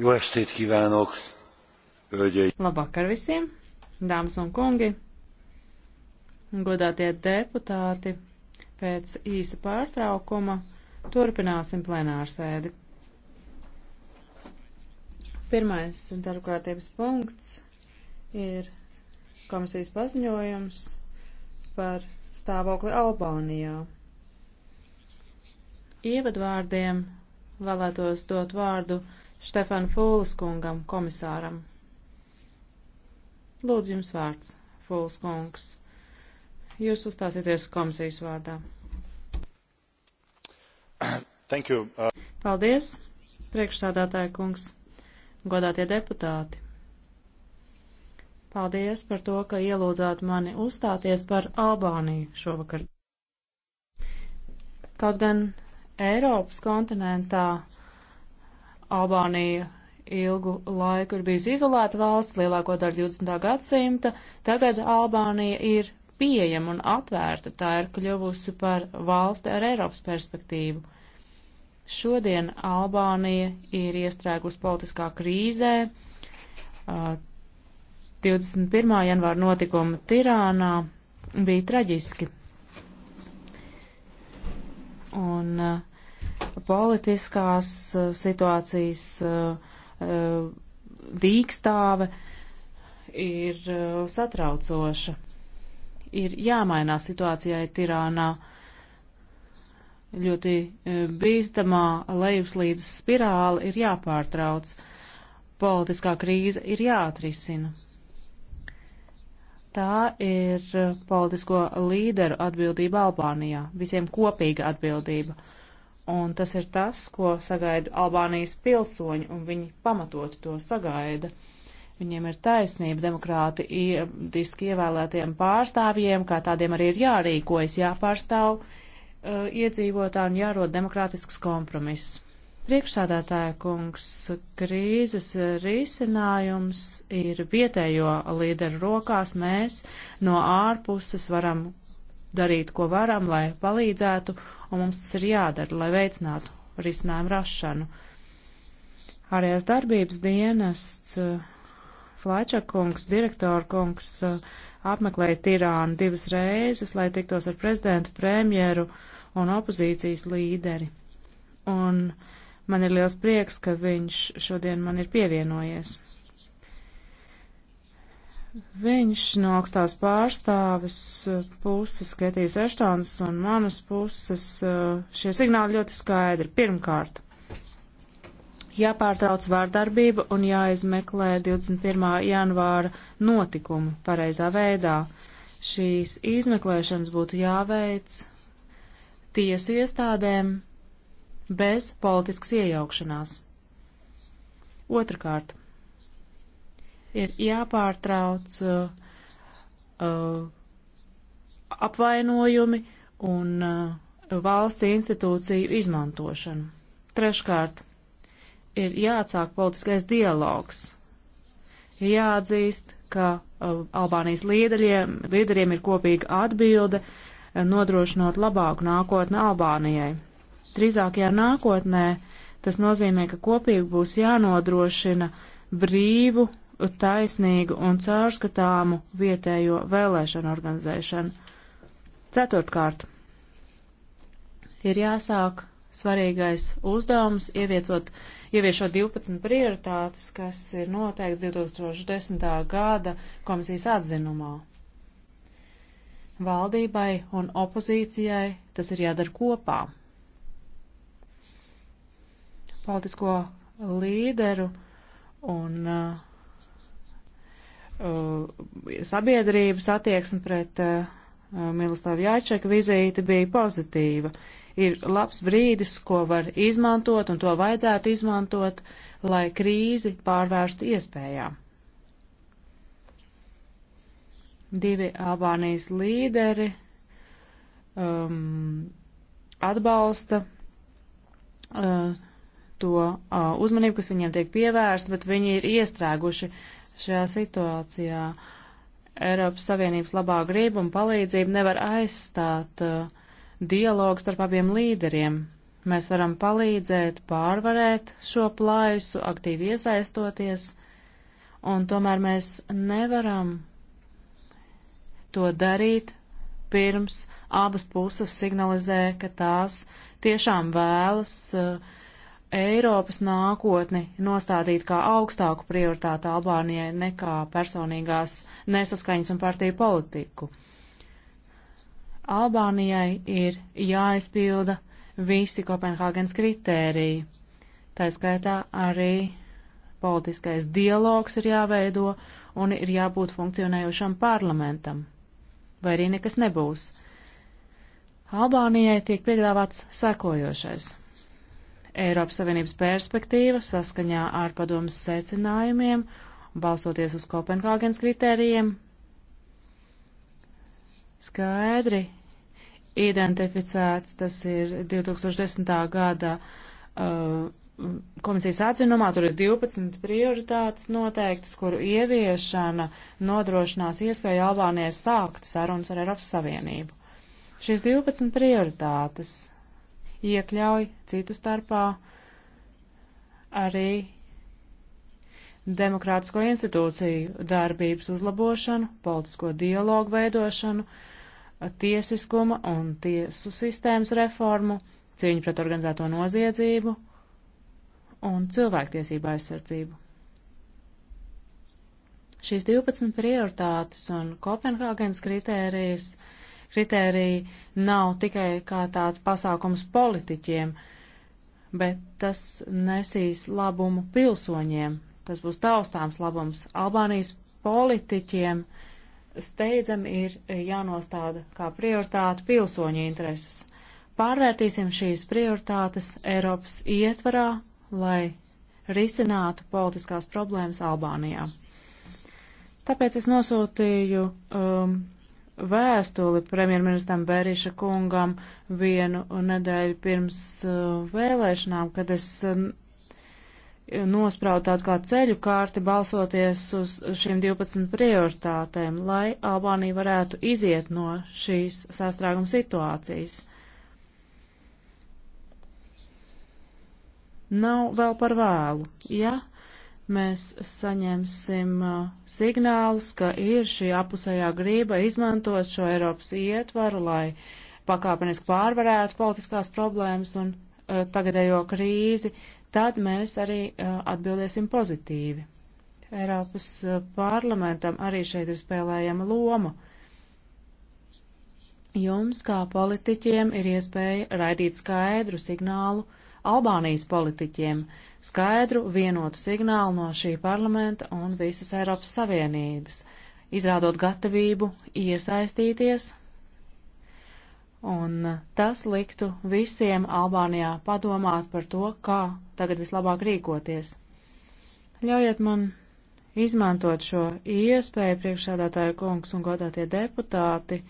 Jó estét kívánok, hölgyeim! Labvakar visiem, dāmas un kungi, godātie deputāti, pēc īsa pārtraukuma turpināsim plenārsēdi. Pirmais darbkārtības punkts ir komisijas paziņojums par stāvokli Albānijā. Ievadvārdiem vēlētos dot vārdu Štefan Fūles kungam, komisāram. Lūdzu jums vārds, Fūles kungs. Jūs uzstāsieties komisijas vārdā. Thank you. Uh... Paldies, priekšsādātāja kungs, godātie deputāti. Paldies par to, ka ielūdzāt mani uzstāties par Albāniju šovakar. Kaut gan Eiropas kontinentā uh, Albānija ilgu laiku ir bijusi izolēta valsts, lielāko daļu 20. gadsimta. Tagad Albānija ir pieejama un atvērta. Tā ir kļuvusi par valsti ar Eiropas perspektīvu. Šodien Albānija ir iestrēgusi politiskā krīzē. 21. janvāra notikuma Tirānā bija traģiski. Un uh, politiskās eh, situācijas dīkstāve eh, eh, ir satraucoša. Ir jāmainā situācijai Tirānā ļoti bīstamā lejupslīdes spirāli ir jāpārtrauc. Politiskā krīze ir jāatrisina. Tā ir politisko līderu atbildība Albānijā, visiem kopīga atbildība. Uh, Un tas ir tas, ko sagaida Albānijas pilsoņi, un viņi pamatot to sagaida. Viņiem ir taisnība demokrātiski ievēlētiem pārstāvjiem, kā tādiem arī ir jārīkojas, jāpārstāv uh, iedzīvotāji un jārod demokrātisks kompromiss. Priekšsādātāja kungs, krīzes risinājums ir vietējo līderu rokās. Mēs no ārpuses varam darīt, ko varam, lai palīdzētu, un mums tas ir jādara, lai veicinātu risinājumu rašanu. Ārējās darbības dienests, eh, Flaičakungs, direktorkungs eh, apmeklēja Tirānu divas reizes, lai tiktos ar prezidentu, premjeru un opozīcijas līderi. Un man ir liels prieks, ka viņš šodien man ir pievienojies. Viņš no augstās pārstāvis uh, puses, Ketijas Eštānas un manas puses, uh, šie signāli ļoti skaidri. Pirmkārt, jāpārtrauc vārdarbība un jāizmeklē 21. janvāra notikumi pareizā veidā. Šīs izmeklēšanas būtu jāveic tiesu iestādēm bez politiskas iejaukšanās. Otrakārt, ir jāpārtrauc uh, uh, apvainojumi un uh, valsts institūciju izmantošanu. Treškārt, ir jāatsāk politiskais dialogs. Jāatzīst, ka uh, Albānijas līderiem, līderiem ir kopīga atbilde uh, nodrošinot labāku nākotni Albānijai. Trīzākajā nākotnē tas nozīmē, ka kopīgi būs jānodrošina brīvu taisnīgu un caurskatāmu vietējo vēlēšanu organizēšanu. Ceturtkārt, ir jāsāk svarīgais uzdevums ieviecot, ieviešot 12 prioritātes, kas ir noteikts 2010. gada komisijas atzinumā. Valdībai un opozīcijai tas ir jādara kopā. Politisko līderu un uh, Uh, sabiedrības attieksme pret uh, Miloslavu Jāčeku vizīti bija pozitīva. Ir labs brīdis, ko var izmantot un to vajadzētu izmantot, lai krīzi pārvērstu iespējā. Divi Albānijas līderi um, atbalsta uh, to uh, uzmanību, kas viņiem tiek pievērsta, bet viņi ir iestrēguši uh, šajā situācijā. Eiropas Savienības labā grība un palīdzība nevar aizstāt uh, dialogu starp abiem līderiem. Mēs varam palīdzēt pārvarēt šo plaisu, aktīvi iesaistoties, un tomēr mēs nevaram to darīt pirms abas puses signalizē, ka tās tiešām vēlas uh, Eiropas nākotni nostādīt kā augstāku prioritātu Albānijai nekā personīgās nesaskaņas un partiju politiku. Albānijai ir jāizpilda visi Kopenhāgens kritēriji. Tā skaitā arī politiskais dialogs ir jāveido un ir jābūt funkcionējušam parlamentam. Vai arī nekas nebūs. Albānijai tiek piedāvāts sekojošais Eiropas Savienības perspektīva saskaņā ar padomas secinājumiem, balstoties uz Kopenhāgenes kritērijiem, skaidri identificēts, tas ir 2010. gada uh, komisijas atzinumā, tur ir 12 prioritātes noteiktas, kuru ieviešana nodrošinās iespēju Albānijai sākt sarunas ar Eiropas Savienību. Šīs 12 prioritātes iekļauj citu starpā arī demokrātisko institūciju darbības uzlabošanu, politisko dialogu veidošanu, tiesiskuma un tiesu sistēmas reformu, cīņu pret organizēto noziedzību un cilvēktiesību aizsardzību. Šīs 12 prioritātes un Kopenhāgenes kritērijas uh, kritērija nav tikai kā tāds pasākums politiķiem, bet tas nesīs labumu pilsoņiem. Tas būs taustāms labums. Albānijas politiķiem steidzami ir jānostāda kā prioritāte pilsoņu intereses. Pārvērtīsim šīs prioritātes Eiropas ietvarā, lai risinātu politiskās problēmas Albānijā. Tāpēc es nosūtīju um, vēstuli premjerministram Bēriša kungam vienu nedēļu pirms uh, vēlēšanām, kad es um, nospraut tādu kā ceļu kārti balsoties uz šīm 12 prioritātēm, lai Albānija varētu iziet no šīs sastrāguma situācijas. Nav vēl par vēlu, ja? mēs saņemsim signālus, ka ir šī apusējā grība izmantot šo Eiropas ietvaru, lai pakāpeniski pārvarētu politiskās problēmas un uh, tagadējo krīzi, tad mēs arī uh, atbildēsim pozitīvi. Eiropas uh, parlamentam arī šeit ir spēlējama loma. Jums, kā politiķiem, ir iespēja raidīt skaidru signālu Albānijas politiķiem. Uh, skaidru vienotu signālu no šī parlamenta un visas Eiropas Savienības, izrādot gatavību iesaistīties, un tas liktu visiem Albānijā padomāt par to, kā tagad vislabāk rīkoties. Ļaujiet man izmantot šo iespēju priekšsādātāju kungs un godātie deputāti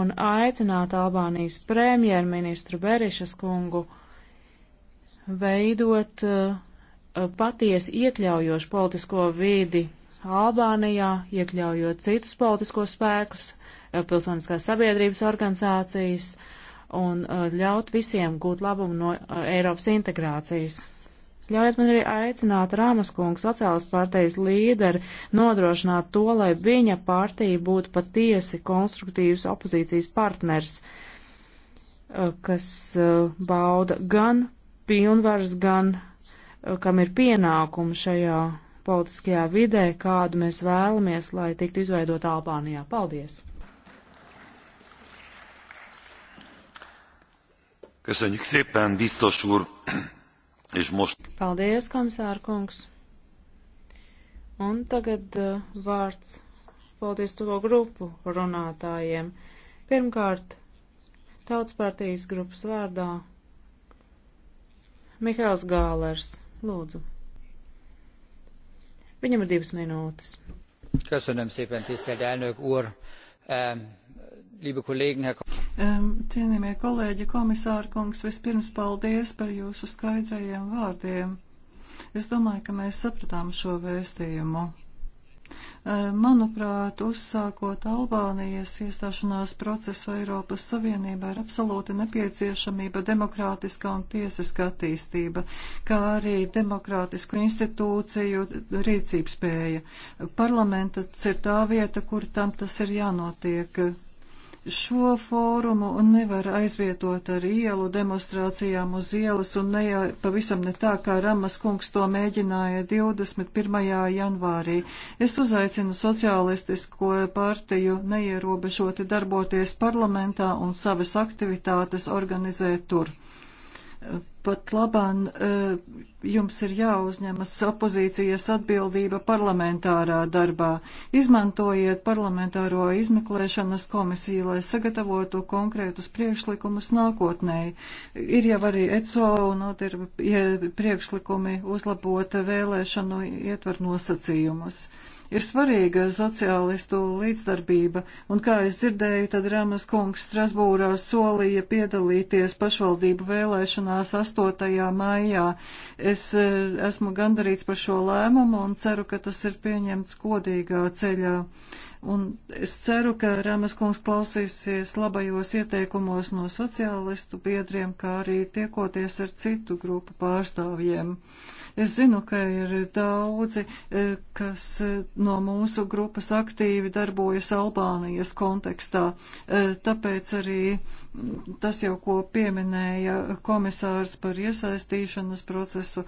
un aicināt Albānijas premjerministru Berišas kungu veidot uh, patiesi iekļaujošu politisko vidi Albānijā, iekļaujot citus politiskos spēkus, uh, pilsoniskās sabiedrības organizācijas un uh, ļaut visiem gūt labumu no Eiropas integrācijas. Ļaujiet man arī aicināt Rāmas kungu, sociālas partijas līderi, nodrošināt to, lai viņa partija būtu patiesi konstruktīvs opozīcijas partners, kas bauda gan pilnvaras, gan eh, kam ir pienākumi šajā politiskajā vidē, kādu mēs vēlamies, lai tiktu izveidot Albānijā. Paldies! Köszönjük szépen, biztos úr, és most... Paldies, komisārkungs! Un tagad uh, vārds paldies to grupu runātājiem. Pirmkārt, Tautas partijas grupas vārdā Mihāls Gālers, lūdzu. Viņam ir divas minūtes. Köszönöm szépen, tisztelt elnök úr! Liebe Kollegen, Herr Cienījamie kolēģi, komisārkungs, vispirms paldies par jūsu skaidrajiem vārdiem. Es domāju, ka mēs sapratām šo vēstījumu. Eh, manuprāt, uzsākot Albānijas iestāšanās procesu Eiropas Savienībā ir absolūti nepieciešamība demokrātiskā un tiesiskā attīstība, kā arī demokrātisku institūciju rīcības spēja. Parlaments ir tā vieta, kur tam tas ir jānotiek šo fórumu nevar aizvietot ar ielu demonstrācijām uz ielas un ne, pavisam ne tā, kā Ramas kungs to mēģināja 21. janvārī. Es uzaicinu sociālistisko partiju neierobežoti darboties parlamentā un savas aktivitātes organizēt tur. Pat labāk eh, jums ir jāuzņemas opozīcijas atbildība parlamentārā darbā. Izmantojiet parlamentāro izmeklēšanas komisiju, lai sagatavotu konkrētus priekšlikumus nākotnē. Ir jau arī ECO un ir priekšlikumi uzlabota vēlēšanu ietver nosacījumus. Uh, Ir svarīga sociālistu līdzdarbība, un kā es dzirdēju, tad Rāmas kungs Strasbūrā solīja piedalīties pašvaldību vēlēšanās 8. maijā. Es eh, esmu gandarīts par šo lēmumu un ceru, ka tas ir pieņemts godīgā ceļā. Un es ceru, ka Rāmas kungs klausīsies labajos ieteikumos no sociālistu biedriem, kā arī tiekoties ar citu grupu pārstāvjiem. Uh, Es zinu, ka ir daudzi, e, kas e, no mūsu grupas aktīvi darbojas Albānijas kontekstā, e, tāpēc arī tas jau, ko pieminēja komisārs par iesaistīšanas procesu,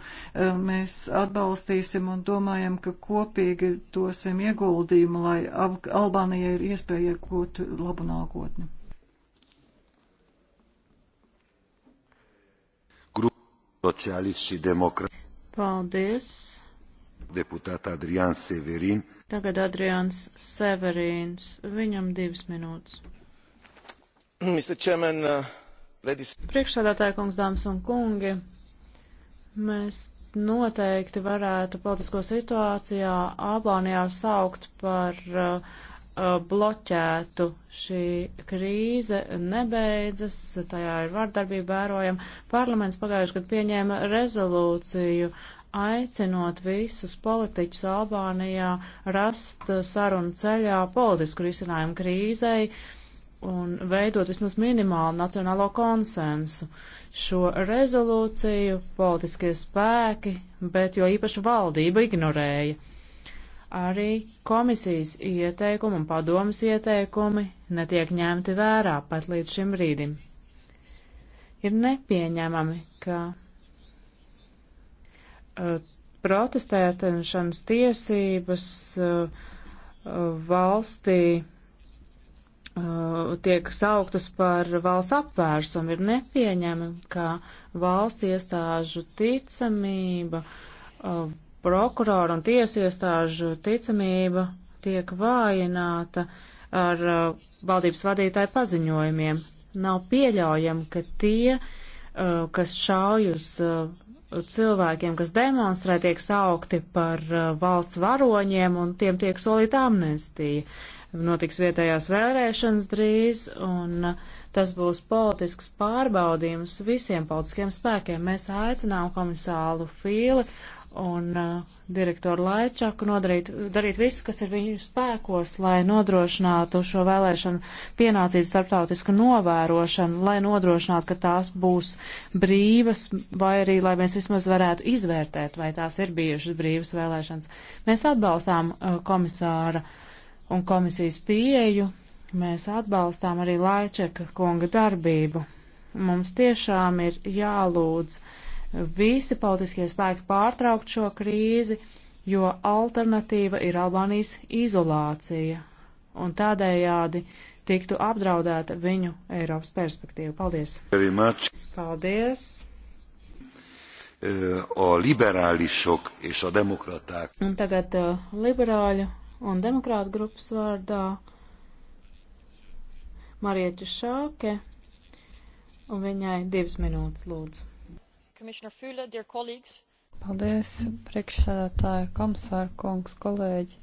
mēs atbalstīsim un domājam, ka kopīgi dosim ieguldījumu, lai Albānijai ir iespēja iegūt labu nākotni. Sociālisti demokrati. Paldies. Deputāta Adriāns Severīn. Tagad Adriāns Severīns. Viņam divas minūtes. Mr. Chairman, uh, ladies. Priekšsādātāja kungs, dāmas un kungi, mēs noteikti varētu politisko situācijā Albānijā saukt par uh, Uh, bloķētu. Šī krīze nebeidzas, tajā ir vārdarbība vērojama. Parlaments pagājuši gadu pieņēma rezolūciju aicinot visus politiķus Albānijā rast sarunu ceļā politisku risinājumu krīzei un veidot vismaz minimālu nacionālo konsensu. Šo rezolūciju politiskie spēki, bet jo īpaši valdība ignorēja arī komisijas ieteikumi un padomas ieteikumi netiek ņemti vērā pat līdz šim brīdim. Ir nepieņemami, ka uh, protestēšanas tiesības uh, uh valstī uh, tiek sauktas par valsts apvērsumu. Ir nepieņemami, ka valsts iestāžu ticamība uh, prokuroru un tiesiestāžu ticamība tiek vājināta ar uh, valdības vadītāju paziņojumiem. Nav pieļaujami, ka tie, uh, kas šauj uz uh, cilvēkiem, kas demonstrē, tiek saukti par uh, valsts varoņiem un tiem tiek solīta amnestija. Notiks vietējās vēlēšanas drīz un uh, tas būs politisks pārbaudījums visiem politiskiem spēkiem. Mēs aicinām komisālu Fīli un uh, direktoru Laičaku nodarīt, darīt visu, kas ir viņu spēkos, lai nodrošinātu šo vēlēšanu pienācību starptautisku novērošanu, lai nodrošinātu, ka tās būs brīvas, vai arī, lai mēs vismaz varētu izvērtēt, vai tās ir bijušas brīvas vēlēšanas. Mēs atbalstām uh, komisāra un komisijas pieeju, mēs atbalstām arī Laičaka kunga darbību. Mums tiešām ir jālūdz. Uh, visi politiskie spēki pārtraukt šo krīzi, jo alternatīva ir Albānijas izolācija, un tādējādi tiktu apdraudēta viņu Eiropas perspektīva. Paldies! Paldies! A liberálisok és a demokraták. Un tagad uh, liberāļu un demokrātu grupas vārdā Marietu Šāke, un viņai divas minūtes lūdzu. Commissioner Fule, dear colleagues. Paldies, priekšsēdētāji, komisāra kungs, kolēģi.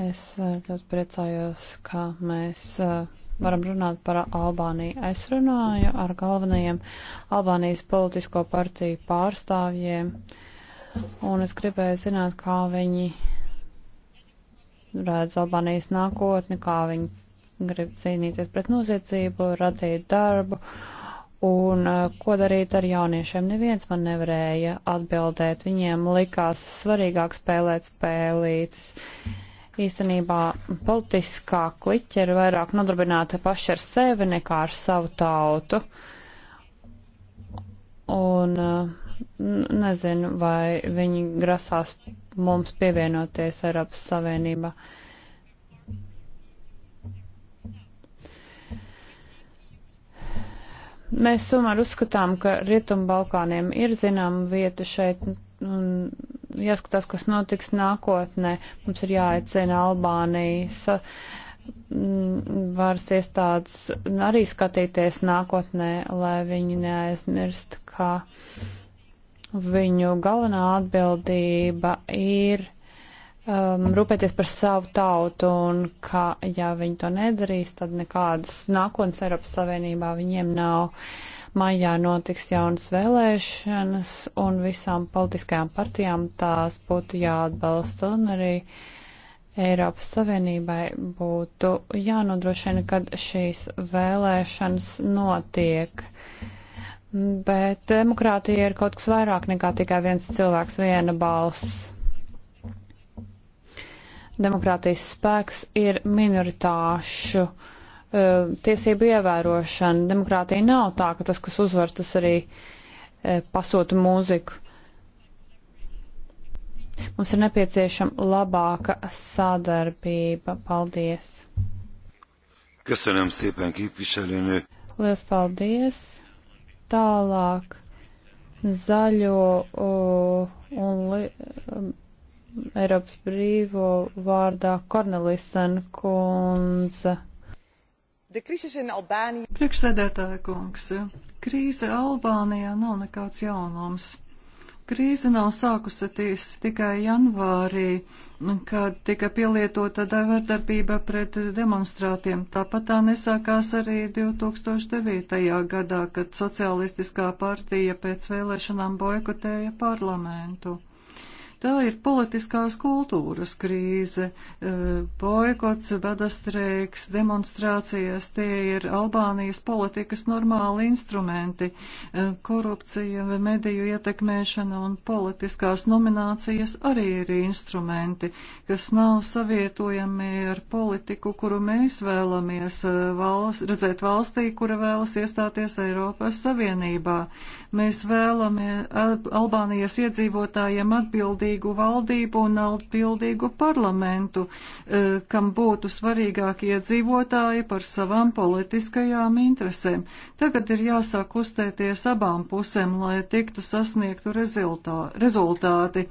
Es eh, ļoti priecājos, ka mēs eh, varam runāt par Albāniju. Es runāju ar galvenajiem Albānijas politisko partiju pārstāvjiem, un es gribēju zināt, kā viņi redz Albānijas nākotni, kā viņi grib cīnīties pret noziedzību, radīt darbu Un eh, ko darīt ar jauniešiem? Neviens man nevarēja atbildēt. Viņiem likās svarīgāk spēlēt spēlītas. Īstenībā politiskā kliķa ir vairāk nodarbināta paši ar sevi nekā ar savu tautu. Un eh, nezinu, vai viņi grasās mums pievienoties Eiropas Savienībā. Uh, Mēs tomēr uzskatām, ka Rietumbalkāniem ir zināma vieta šeit un jāskatās, kas notiks nākotnē. Mums ir jāaicina Albānijas mm, varas iestādes arī skatīties nākotnē, lai viņi neaizmirst, ka viņu galvenā atbildība ir um, rūpēties par savu tautu, un ka, ja viņi to nedarīs, tad nekādas nākotnes Eiropas Savienībā viņiem nav. Maijā notiks jaunas vēlēšanas, un visām politiskajām partijām tās būtu jāatbalsta, un arī Eiropas Savienībai būtu jānodrošina, kad šīs vēlēšanas notiek. Bet demokrātija ir kaut kas vairāk nekā tikai viens cilvēks, viena balss demokrātijas spēks ir minoritāšu uh, tiesību ievērošana. Demokrātija nav tā, ka tas, kas uzvar, tas arī uh, pasūta mūziku. Mums ir nepieciešama labāka sadarbība. Paldies! Köszönöm szépen képviselőnő! Lielas paldies! Tālāk zaļo uh, un. Li, um, Eiropas brīvo vārdā Kornelisen kundze. Priekšsēdētāja kungs, krīze Albānijā nav nekāds jaunums. Krīze nav sākusies tikai janvārī, kad tika pielietota vardarbība pret demonstrātiem. Tāpat tā nesākās arī 2009. gadā, kad Socialistiskā partija pēc vēlēšanām boikotēja parlamentu. Tā ir politiskās kultūras krīze. E, boikots, vedastreiks, demonstrācijas, tie ir Albānijas politikas normāli instrumenti. E, korupcija, mediju ietekmēšana un politiskās nominācijas arī ir instrumenti, kas nav savietojami ar politiku, kuru mēs vēlamies e, valsts, redzēt valstī, kura vēlas iestāties Eiropas Savienībā. Mēs vēlamies Albānijas iedzīvotājiem atbildīgu valdību un atbildīgu parlamentu, e, kam būtu svarīgākie iedzīvotāji par savām politiskajām interesēm. Tagad ir jāsāk uztēties abām pusēm, lai tiktu sasniegtu rezultāti.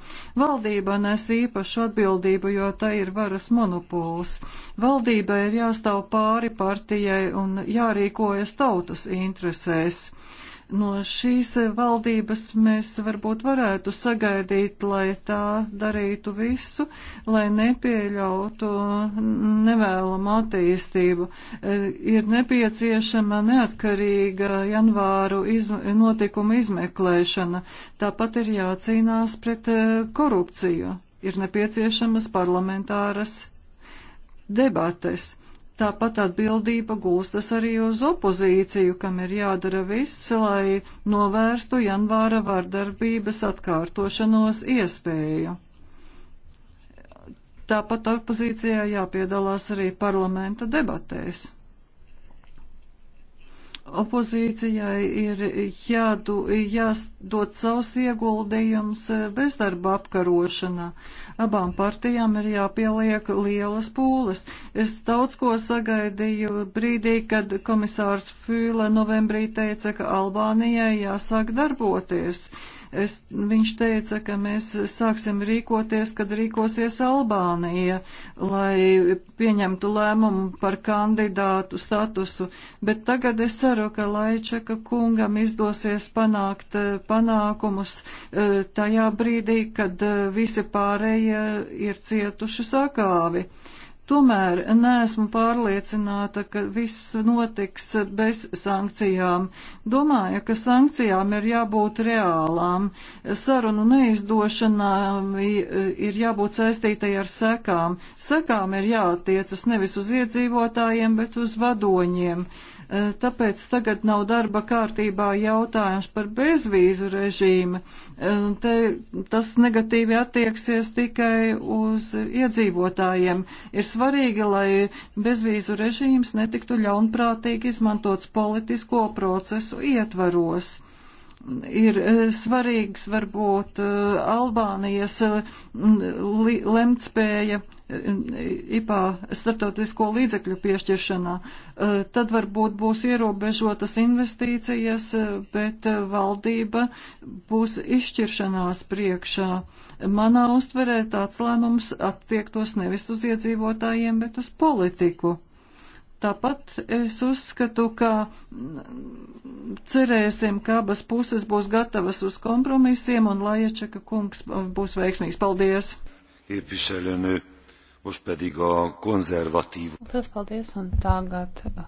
Valdība nes īpašu atbildību, jo tai ir varas monopols. Valdībai ir jāstāv pāri partijai un jārīkojas tautas interesēs. No šīs valdības mēs varbūt varētu sagaidīt, lai tā darītu visu, lai nepieļautu nevēlamu attīstību. E, ir nepieciešama neatkarīga janvāru izm notikuma izmeklēšana. Tāpat ir jācīnās pret e, korupciju. Ir nepieciešamas parlamentāras debates Tāpat atbildība gulstas arī uz opozīciju, kam ir jādara viss, lai novērstu janvāra vardarbības atkārtošanos iespēju. Tāpat opozīcijā jāpiedalās arī parlamenta debatēs. Opozīcijai ir jādu, jādod savs ieguldījums bezdarba apkarošanā. Abām partijām ir jāpieliek lielas pūles. Es daudz ko sagaidīju brīdī, kad komisārs Fīle novembrī teica, ka Albānijai jāsāk darboties. Uh, Es, viņš teica, ka mēs sāksim rīkoties, kad rīkosies Albānija, lai pieņemtu lēmumu par kandidātu statusu, bet tagad es ceru, ka Laičaka kungam izdosies panākt eh, panākumus eh, tajā brīdī, kad eh, visi pārējie ir cietuši sakāvi. Tomēr neesmu pārliecināta, ka viss notiks bez sankcijām. Domāju, ka sankcijām ir jābūt reālām. Sarunu neizdošanām ir jābūt saistītai ar sekām. Sekām ir jātiecas nevis uz iedzīvotājiem, bet uz vadoņiem. Eh, tāpēc tagad nav darba kārtībā jautājums par bezvīzu režīmu. Eh, te tas negatīvi attieksies tikai uz iedzīvotājiem. Ir svarīgi, lai bezvīzu režīms netiktu ļaunprātīgi izmantots politisko procesu ietvaros ir e, svarīgs varbūt e, Albānijas e, lemtspēja IPA starptautisko līdzekļu piešķiršanā. Tad varbūt būs ierobežotas investīcijas, bet valdība būs izšķiršanās priekšā. Manā uztverē tāds lēmums attiektos nevis uz iedzīvotājiem, bet uz politiku Tāpat es uzskatu, ka cerēsim, ka abas puses būs gatavas uz kompromisiem un Laječaka kungs būs veiksmīgs. Paldies! Képviselőnő, most pedig a konzervatív. Paldies, paldies, un tagad uh,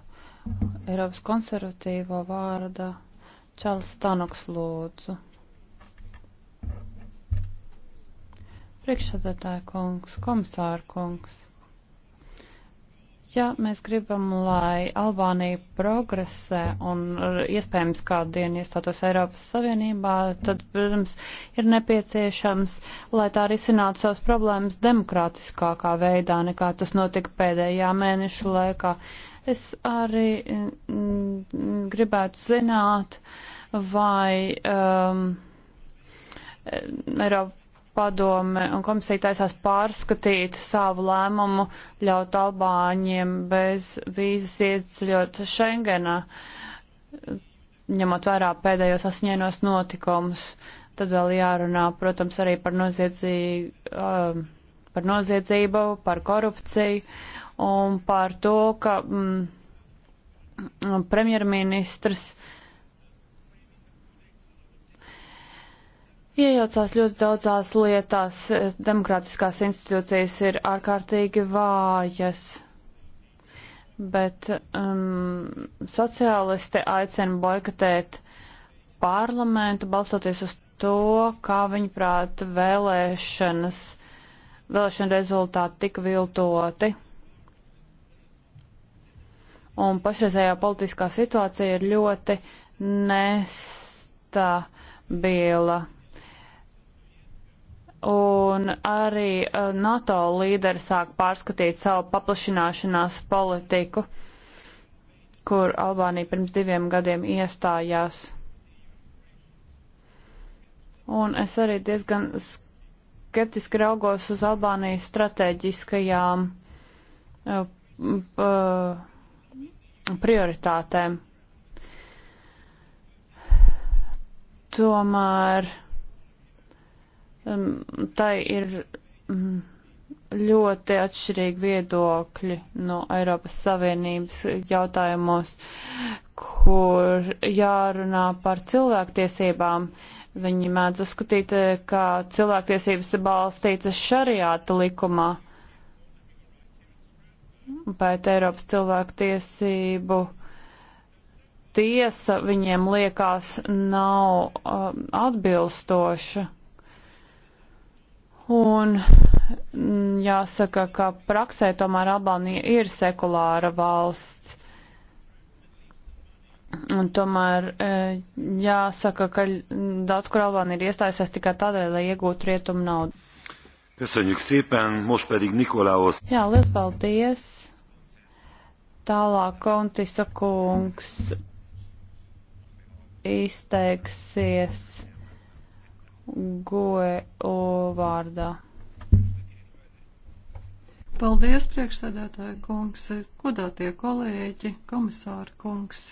Eiropas konservatīvo vārda Čals Tanoks lūdzu. Priekšsēdētāja kungs, komisāra kungs. Ja mēs gribam, lai Albānija progresē un uh, iespējams kādu dienu iestātos Eiropas Savienībā, tad, protams, ir nepieciešams, lai tā risinātu savas problēmas demokrātiskākā veidā, nekā tas notika pēdējā mēneša laikā. Es arī mm, gribētu zināt, vai. Um, Eiropa padome un komisija taisās pārskatīt savu lēmumu ļaut Albāņiem bez vīzas ieceļot Schengenā, ņemot vērā pēdējos asņēnos notikumus. Tad vēl jārunā, protams, arī par, noziedzību, um, par noziedzību, par korupciju un par to, ka mm, premjerministrs uh, iejaucās ļoti daudzās lietās. Demokrātiskās institūcijas ir ārkārtīgi vājas. Bet um, sociālisti aicina boikotēt parlamentu, balstoties uz to, kā viņi prāt vēlēšanas, vēlēšana rezultāti tika viltoti. Un pašreizējā politiskā situācija ir ļoti nestabila un arī uh, NATO līderi sāk pārskatīt savu paplašināšanās politiku, kur Albānija pirms diviem gadiem iestājās. Un es arī diezgan skeptiski raugos uz Albānijas strateģiskajām uh, uh, prioritātēm. Tomēr um, tai ir um, ļoti atšķirīgi viedokļi no Eiropas Savienības jautājumos, kur jārunā par cilvēktiesībām. Viņi mēdz uzskatīt, ka cilvēktiesības ir balstītas šariāta likumā pēc Eiropas cilvēku tiesību tiesa viņiem liekas nav um, atbilstoša. Un mm, jāsaka, ka praksē tomēr Albānija ir sekulāra valsts. Un tomēr e, jāsaka, ka daudz kur Albāna ir iestājusies tikai tādēļ, lai iegūtu rietumu naudu. Köszönjük szépen, most pedig Nikolaos. Jā, liels paldies. Tālāk Kontisa kungs izteiksies GOEO vārdā. Paldies, priekšsēdētāja kungs, godātie kolēģi, komisāra kungs.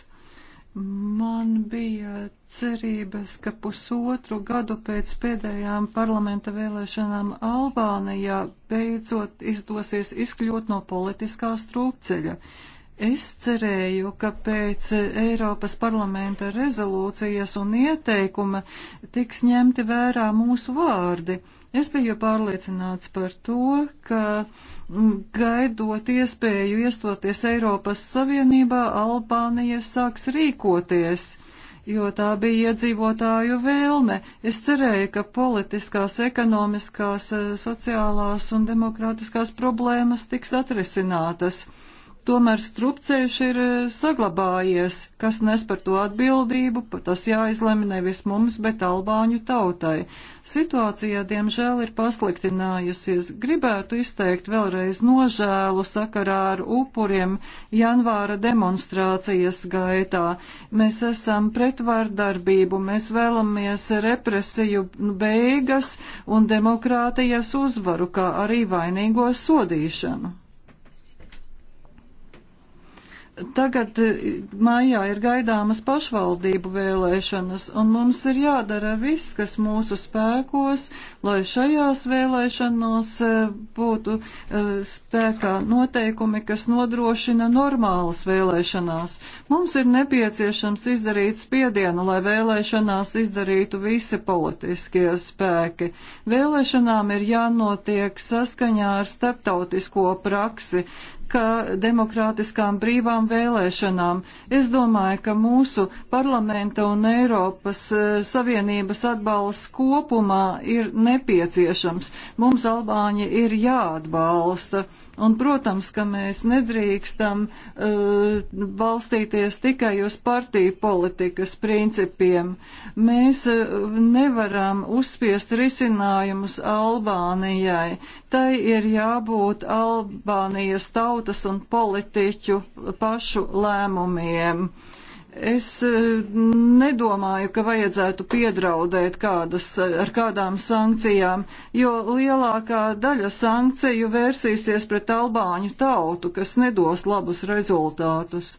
Man bija cerības, ka pusotru gadu pēc pēdējām parlamenta vēlēšanām Albānijā beidzot izdosies izkļūt no politiskā strūkceļa Es cerēju, ka pēc Eiropas parlamenta rezolūcijas un ieteikuma tiks ņemti vērā mūsu vārdi. Es biju pārliecināts par to, ka mm, gaidot iespēju iestoties Eiropas Savienībā, Albānija sāks rīkoties, jo tā bija iedzīvotāju vēlme. Es cerēju, ka politiskās, ekonomiskās, sociālās un demokrātiskās problēmas tiks atrisinātas. Tomēr strupceļš ir eh, saglabājies, kas nes par to atbildību, tas jāizlemj nevis mums, bet albāņu tautai. Situācija, diemžēl, ir pasliktinājusies. Gribētu izteikt vēlreiz nožēlu sakarā ar upuriem janvāra demonstrācijas gaitā. Mēs esam pretvārdarbību, mēs vēlamies represiju beigas un demokrātijas uzvaru, kā arī vainīgo sodīšanu. Tagad e, mājā ir gaidāmas pašvaldību vēlēšanas, un mums ir jādara viss, kas mūsu spēkos, lai šajās vēlēšanos e, būtu e, spēkā noteikumi, kas nodrošina normālas vēlēšanās. Mums ir nepieciešams izdarīt spiedienu, lai vēlēšanās izdarītu visi politiskie spēki. Vēlēšanām ir jānotiek saskaņā ar starptautisko praksi ka demokrātiskām brīvām vēlēšanām. Es domāju, ka mūsu parlamenta un Eiropas eh, Savienības atbalsts kopumā ir nepieciešams. Mums Albāņi ir jāatbalsta. Un, protams, ka mēs nedrīkstam uh, balstīties tikai uz partiju politikas principiem. Mēs uh, nevaram uzspiest risinājumus Albānijai. Tai ir jābūt Albānijas tautas un politiķu pašu lēmumiem. Uh, Es e, nedomāju, ka vajadzētu piedraudēt kādas, e, ar kādām sankcijām, jo lielākā daļa sankciju vērsīsies pret albāņu tautu, kas nedos labus rezultātus.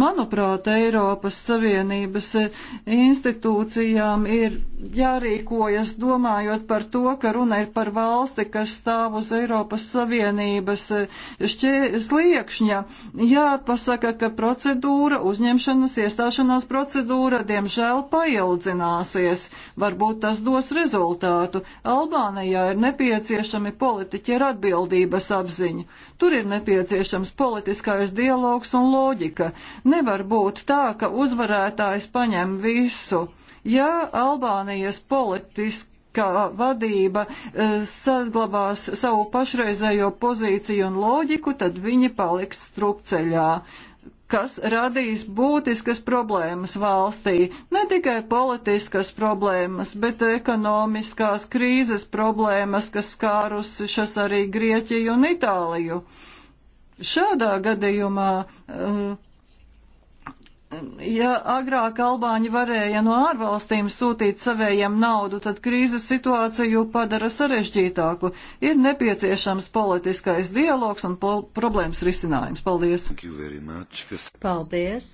Manuprāt, Eiropas Savienības eh, institūcijām ir jārīkojas domājot par to, ka runa ir par valsti, kas stāv uz Eiropas Savienības eh, sliekšņa. Jāpasaka, ka procedūra, uzņemšanas iestāšanās procedūra, diemžēl paildzināsies. Varbūt tas dos rezultātu. Albānijā ir nepieciešami politiķi ar atbildības apziņu. Tur ir nepieciešams politiskais dialogs un loģika. Nevar būt tā, ka uzvarētājs paņem visu. Ja Albānijas politiski ka vadība eh, saglabās savu pašreizējo pozīciju un loģiku, tad viņi paliks strupceļā kas radīs būtiskas problēmas valstī. Ne tikai politiskas problēmas, bet ekonomiskās krīzes problēmas, kas skārusišas arī Grieķiju un Itāliju. Šādā gadījumā uh, ja agrāk Albāņi varēja no ārvalstīm sūtīt savējiem naudu, tad krīzes situāciju padara sarežģītāku. Ir nepieciešams politiskais dialogs un pol problēmas risinājums. Paldies! Paldies!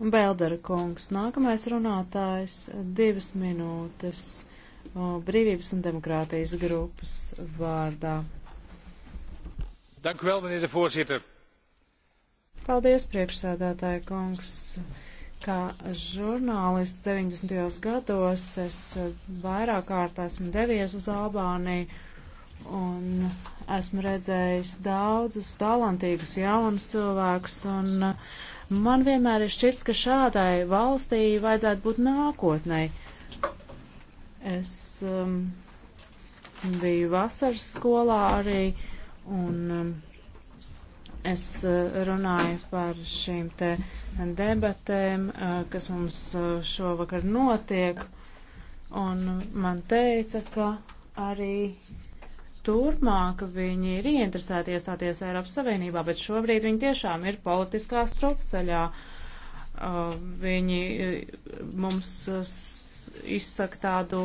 Beldera kungs, nākamais runātājs, divas minūtes, brīvības un demokrātijas grupas vārdā. Dank u wel, meneer de voorzitter. Paldies, priekšsēdētāja kungs. Kā žurnālists 90. gados es vairāk kārt esmu devies uz Albāniju un esmu redzējis daudzus talantīgus jaunus cilvēkus un man vienmēr ir šķits, ka šādai valstī vajadzētu būt nākotnei. Es um, biju vasaras skolā arī un um, Es eh, runāju par šīm te debatēm, eh, kas mums eh, šovakar notiek, un man teica, ka arī turpmāk viņi ir ieinteresēti iestāties Eiropas Savienībā, bet šobrīd viņi tiešām ir politiskā strupceļā. Viņi mums izsaka tādu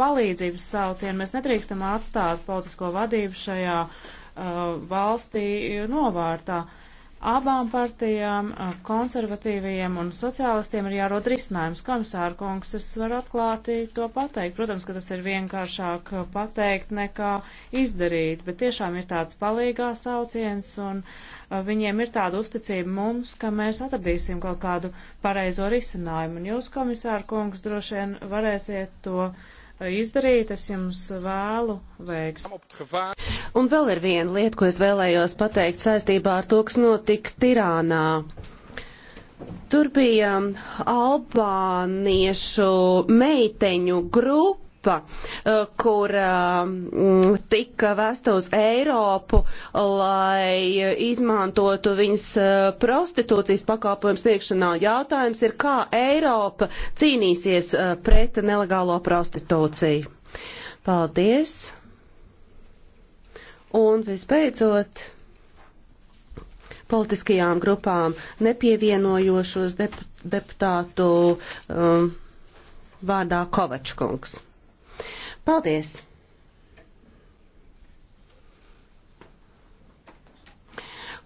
palīdzības saucienu. Mēs nedrīkstam atstāt politisko vadību šajā uh, Uh, valstī novārtā. Abām partijām, uh, konservatīvajiem un sociālistiem ir jārod risinājums. Komisāra kungs, es varu atklāti to pateikt. Protams, ka tas ir vienkāršāk pateikt nekā izdarīt, bet tiešām ir tāds palīgā sauciens un uh, viņiem ir tāda uzticība mums, ka mēs atradīsim kaut kādu pareizo risinājumu. Un jūs, komisāra kungs, droši vien varēsiet to uh, izdarīt. Es jums vēlu veiksmi. Un vēl ir viena lieta, ko es vēlējos pateikt saistībā ar to, kas notika Tirānā. Tur bija albāniešu meiteņu grupa grupa, eh, kur eh, tika vesta uz Eiropu, lai izmantotu viņas eh, prostitūcijas pakāpojums sniegšanā. Jautājums ir, kā Eiropa cīnīsies pret nelegālo prostitūciju. Paldies! Un visbeidzot politiskajām grupām nepievienojošos dep deputātu um, vārdā Kovačkungs. Paldies!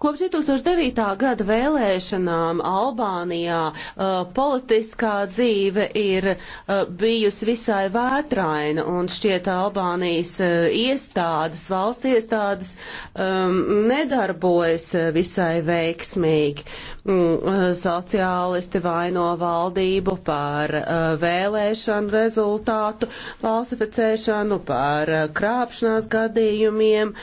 Kopš 2009. gada vēlēšanām Albānijā uh, politiskā dzīve ir uh, bijusi visai vētraina un šķiet Albānijas uh, iestādes, valsts iestādes um, nedarbojas uh, visai veiksmīgi. Mm, uh, sociālisti vaino valdību par uh, vēlēšanu rezultātu falsificēšanu, par krāpšanās gadījumiem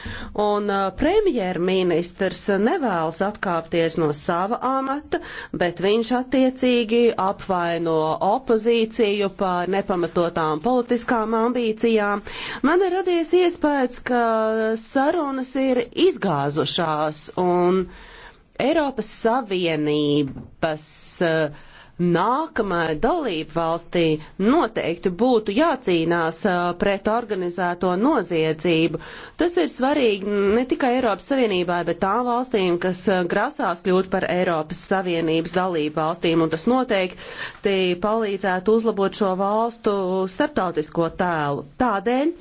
un premjerministrs nevēlas atkāpties no sava amata, bet viņš attiecīgi apvaino opozīciju par nepamatotām politiskām ambīcijām. Man ir radies iespējas, ka sarunas ir izgāzušās un Eiropas Savienības uh, nākamai dalību valstī noteikti būtu jācīnās pret organizēto noziedzību. Tas ir svarīgi ne tikai Eiropas Savienībai, bet tām valstīm, kas grasās kļūt par Eiropas Savienības dalību valstīm, un tas noteikti palīdzētu uzlabot šo valstu starptautisko tēlu. Tādēļ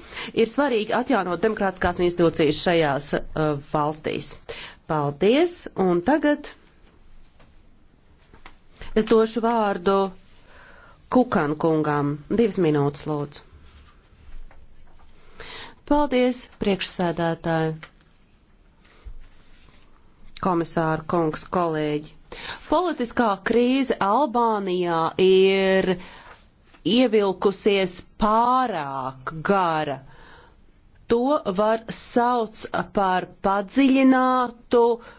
ir svarīgi atjaunot demokrātiskās institūcijas šajās uh, valstīs. Paldies, un tagad Es došu vārdu Kukan kungam. Divas minūtes, lūdzu. Paldies, priekšsēdētāji. Komisāra kungs, kolēģi. Politiskā krīze Albānijā ir ievilkusies pārāk gara. To var sauc par padziļinātu uh,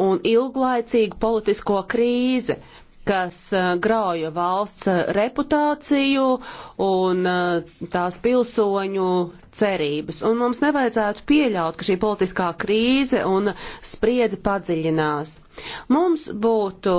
un ilglaicīgu politisko krīzi, kas eh, grauja valsts eh, reputāciju un eh, tās pilsoņu cerības. Un mums nevajadzētu pieļaut, ka šī politiskā krīze un spriedze padziļinās. Mums būtu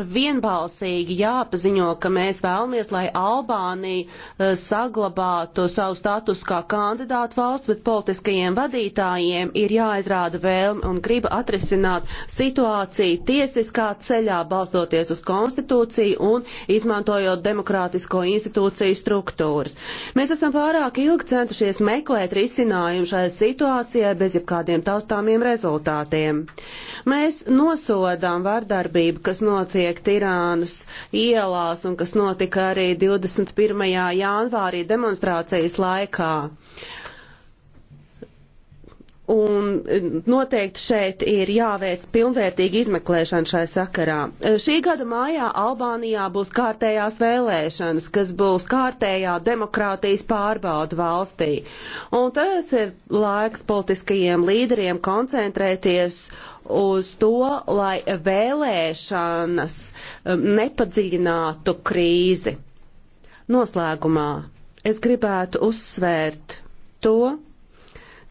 vienbalsīgi jāpaziņo, ka mēs vēlamies, lai Albānija eh, saglabātu savu statusu kā kandidātu valsts, bet politiskajiem vadītājiem ir jāizrāda vēlme un griba atrisināt situāciju tiesiskā ceļā, balstoties uz konstitūciju un izmantojot demokrātisko institūciju struktūras. Mēs esam pārāk ilgi centušies meklēt risinājumu šai situācijai bez jebkādiem taustāmiem rezultātiem. Mēs nosodām vardarbību, kas notiek notiek Tirānas ielās un kas notika arī 21. janvārī demonstrācijas laikā. Uh, Un eh, noteikti šeit ir jāveic pilnvērtīga izmeklēšana šai sakarā. Eh, šī gada mājā Albānijā būs kārtējās vēlēšanas, kas būs kārtējā demokrātijas pārbauda valstī. Un tad ir laiks politiskajiem līderiem koncentrēties uz to, lai vēlēšanas eh, nepadziļinātu krīzi. Noslēgumā es gribētu uzsvērt to,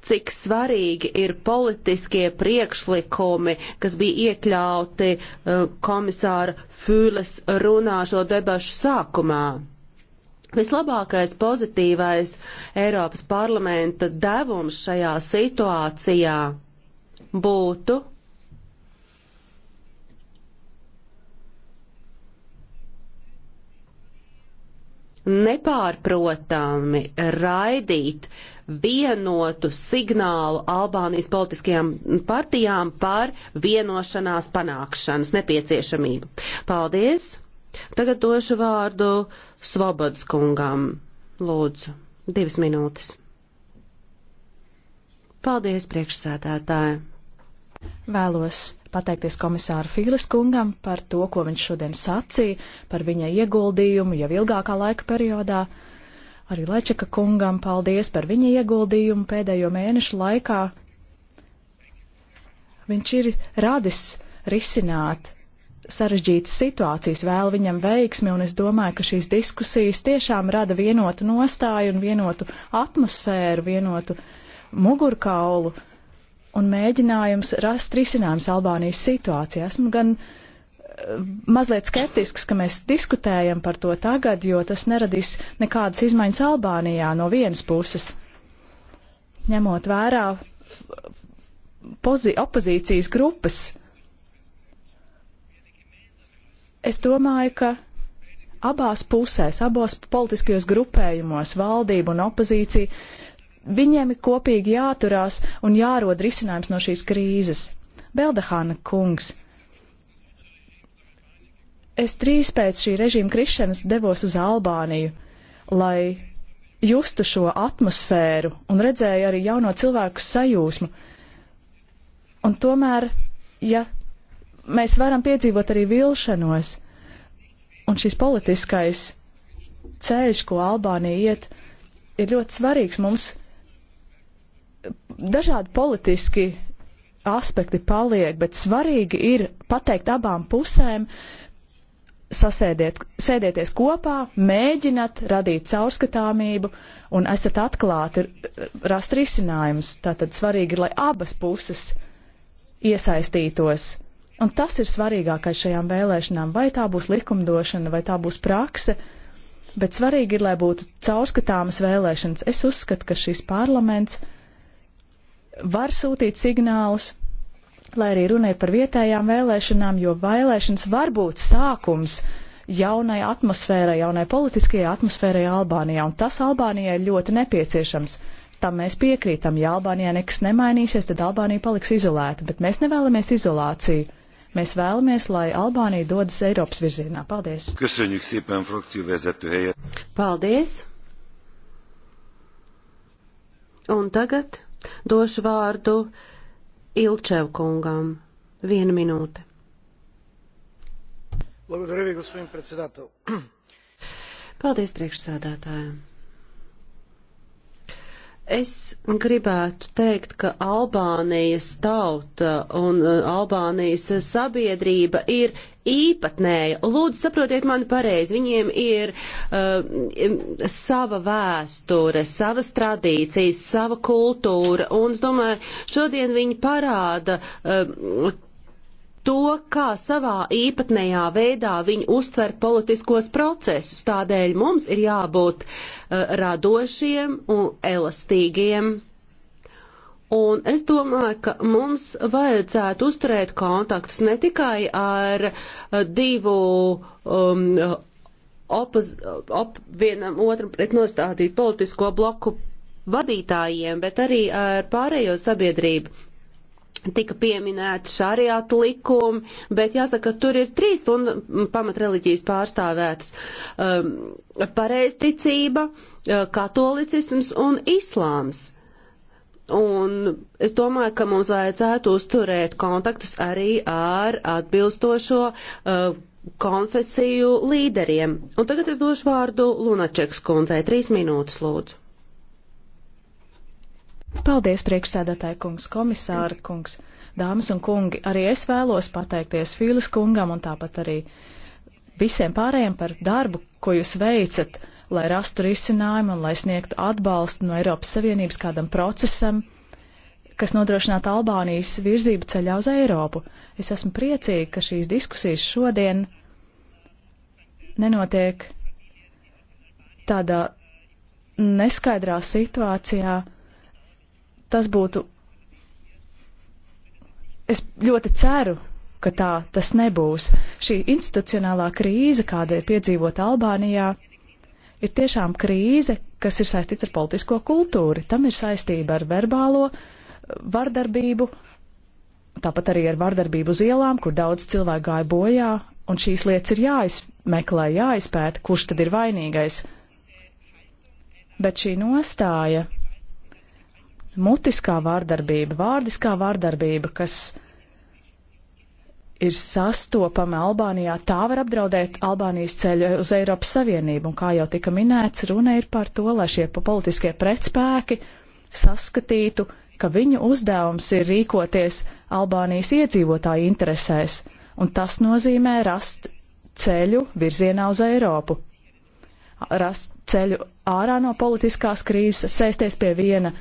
cik svarīgi ir politiskie priekšlikumi, kas bija iekļauti uh, komisāra Fūles runā šo debašu sākumā. Vislabākais pozitīvais Eiropas parlamenta devums šajā situācijā būtu nepārprotami raidīt uh, vienotu signālu Albānijas politiskajām partijām par vienošanās panākšanas nepieciešamību. Paldies! Tagad došu vārdu Svobodas kungam. Lūdzu, divas minūtes. Paldies, priekšsēdētāji! Vēlos pateikties komisāru Fīles kungam par to, ko viņš šodien sacīja, par viņa ieguldījumu jau ilgākā laika periodā. Uh, Arī Lečeka kungam paldies par viņa ieguldījumu pēdējo mēnešu laikā. Viņš ir radis risināt sarežģītas situācijas, vēl viņam veiksmi, un es domāju, ka šīs diskusijas tiešām rada vienotu nostāju un vienotu atmosfēru, vienotu mugurkaulu un mēģinājums rast risinājums Albānijas situācijā. Esmu gan uh, mazliet skeptisks, ka mēs diskutējam par to tagad, jo tas neradīs nekādas izmaiņas Albānijā no vienas puses. Ņemot vērā opozīcijas grupas, es domāju, ka abās pusēs, abos politiskajos grupējumos, valdība un opozīcija, viņiem ir kopīgi jāturās un jārod risinājums no šīs krīzes. Beldahāna kungs Es drīz pēc šī režīma krišanas devos uz Albāniju, lai justu šo atmosfēru un redzēju arī jauno cilvēku sajūsmu. Un tomēr, ja mēs varam piedzīvot arī vilšanos, un šis politiskais ceļš, ko Albānija iet, ir ļoti svarīgs mums. Dažādi politiski aspekti paliek, bet svarīgi ir pateikt abām pusēm, uh, sasēdiet, sēdieties kopā, mēģināt radīt caurskatāmību un esat atklāti rast risinājumus. Tātad svarīgi ir, lai abas puses iesaistītos. Un tas ir svarīgākais šajām vēlēšanām, vai tā būs likumdošana, vai tā būs prakse, bet svarīgi ir, lai būtu caurskatāmas vēlēšanas. Es uzskatu, ka šis parlaments var sūtīt signālus, lai arī runa ir par vietējām vēlēšanām, jo vēlēšanas var būt sākums jaunai atmosfērai, jaunai politiskajai atmosfērai Albānijā, un tas Albānijai ļoti nepieciešams. Tam mēs piekrītam, ja Albānijā nekas nemainīsies, tad Albānija paliks izolēta, bet mēs nevēlamies izolāciju. Mēs vēlamies, lai Albānija dodas Eiropas virzienā. Paldies! Köszönjük szépen frakció vezető helyet! Paldies! Un tagad došu vārdu Ilčev kungam. Viena minūte. Благодаря ви, господин председател. Paldies, priekšsādātājiem. Es gribētu teikt, ka Albānijas tauta un uh, Albānijas sabiedrība ir īpatnēja. Lūdzu, saprotiet mani pareizi, viņiem ir uh, sava vēsture, savas tradīcijas, sava kultūra, un es domāju, šodien viņi parāda uh, to, kā savā īpatnējā veidā viņi uztver politiskos procesus. Tādēļ mums ir jābūt uh, radošiem un elastīgiem Un es domāju, ka mums vajadzētu uzturēt kontaktus ne tikai ar eh, divu um, opoz, op, vienam otram pretnostādīt politisko bloku vadītājiem, bet arī ar pārējo sabiedrību. Tika pieminēti šariāta likumi, bet jāsaka, tur ir trīs pamatreliģijas pārstāvētas um, - pareizticība, uh, katolicisms un islāms. Uh, Un es domāju, ka mums vajadzētu uzturēt kontaktus arī ar atbilstošo uh, konfesiju līderiem. Un tagad es došu vārdu Lunačekas kundzei. Trīs minūtes, lūdzu. Paldies, priekšsēdētāji kungs, komisāri kungs, dāmas un kungi. Arī es vēlos pateikties Fīlis kungam un tāpat arī visiem pārējiem par darbu, ko jūs veicat uh, lai rastu risinājumu un lai sniegtu atbalstu no Eiropas Savienības kādam procesam, kas nodrošinātu Albānijas virzību ceļā uz Eiropu. Es esmu priecīga, ka šīs diskusijas šodien nenotiek tādā neskaidrā situācijā. Tas būtu. Es ļoti ceru, ka tā tas nebūs. Šī institucionālā krīze, kāda ir piedzīvota Albānijā, ir tiešām krīze, kas ir saistīta ar politisko kultūru. Tam ir saistība ar verbālo uh, vardarbību, tāpat arī ar vardarbību uz ielām, kur daudz cilvēku gāja bojā, un šīs lietas ir jāizmeklē, jāizpēta, kurš tad ir vainīgais. Bet šī nostāja, mutiskā vārdarbība, vārdiskā vārdarbība, kas ir sastopama Albānijā, tā var apdraudēt Albānijas ceļu uz Eiropas Savienību. Un kā jau tika minēts, runa ir par to, lai šie politiskie pretspēki saskatītu, ka viņu uzdevums ir rīkoties Albānijas iedzīvotāju interesēs, un tas nozīmē rast ceļu virzienā uz Eiropu, rast ceļu ārā no politiskās krīzes, sēsties pie viena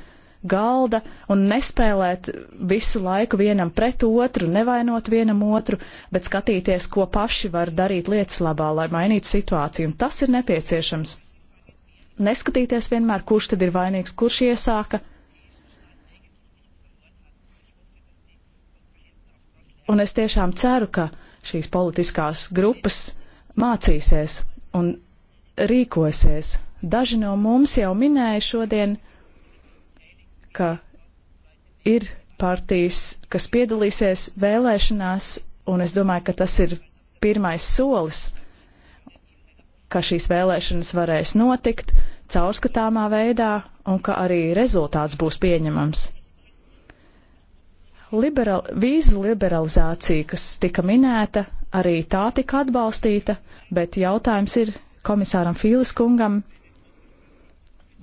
galda un nespēlēt visu laiku vienam pret otru, nevainot vienam otru, bet skatīties, ko paši var darīt lietas labā, lai mainītu situāciju. Un tas ir nepieciešams. Neskatīties vienmēr, kurš tad ir vainīgs, kurš iesāka. Un es tiešām ceru, ka šīs politiskās grupas mācīsies un rīkosies. Daži no mums jau minēja šodien, uh, ka ir partijas, kas piedalīsies vēlēšanās, un es domāju, ka tas ir pirmais solis, ka šīs vēlēšanas varēs notikt caurskatāmā veidā un ka arī rezultāts būs pieņemams liberal, vīzu liberalizācija, kas tika minēta, arī tā tika atbalstīta, bet jautājums ir komisāram Fīlis kungam,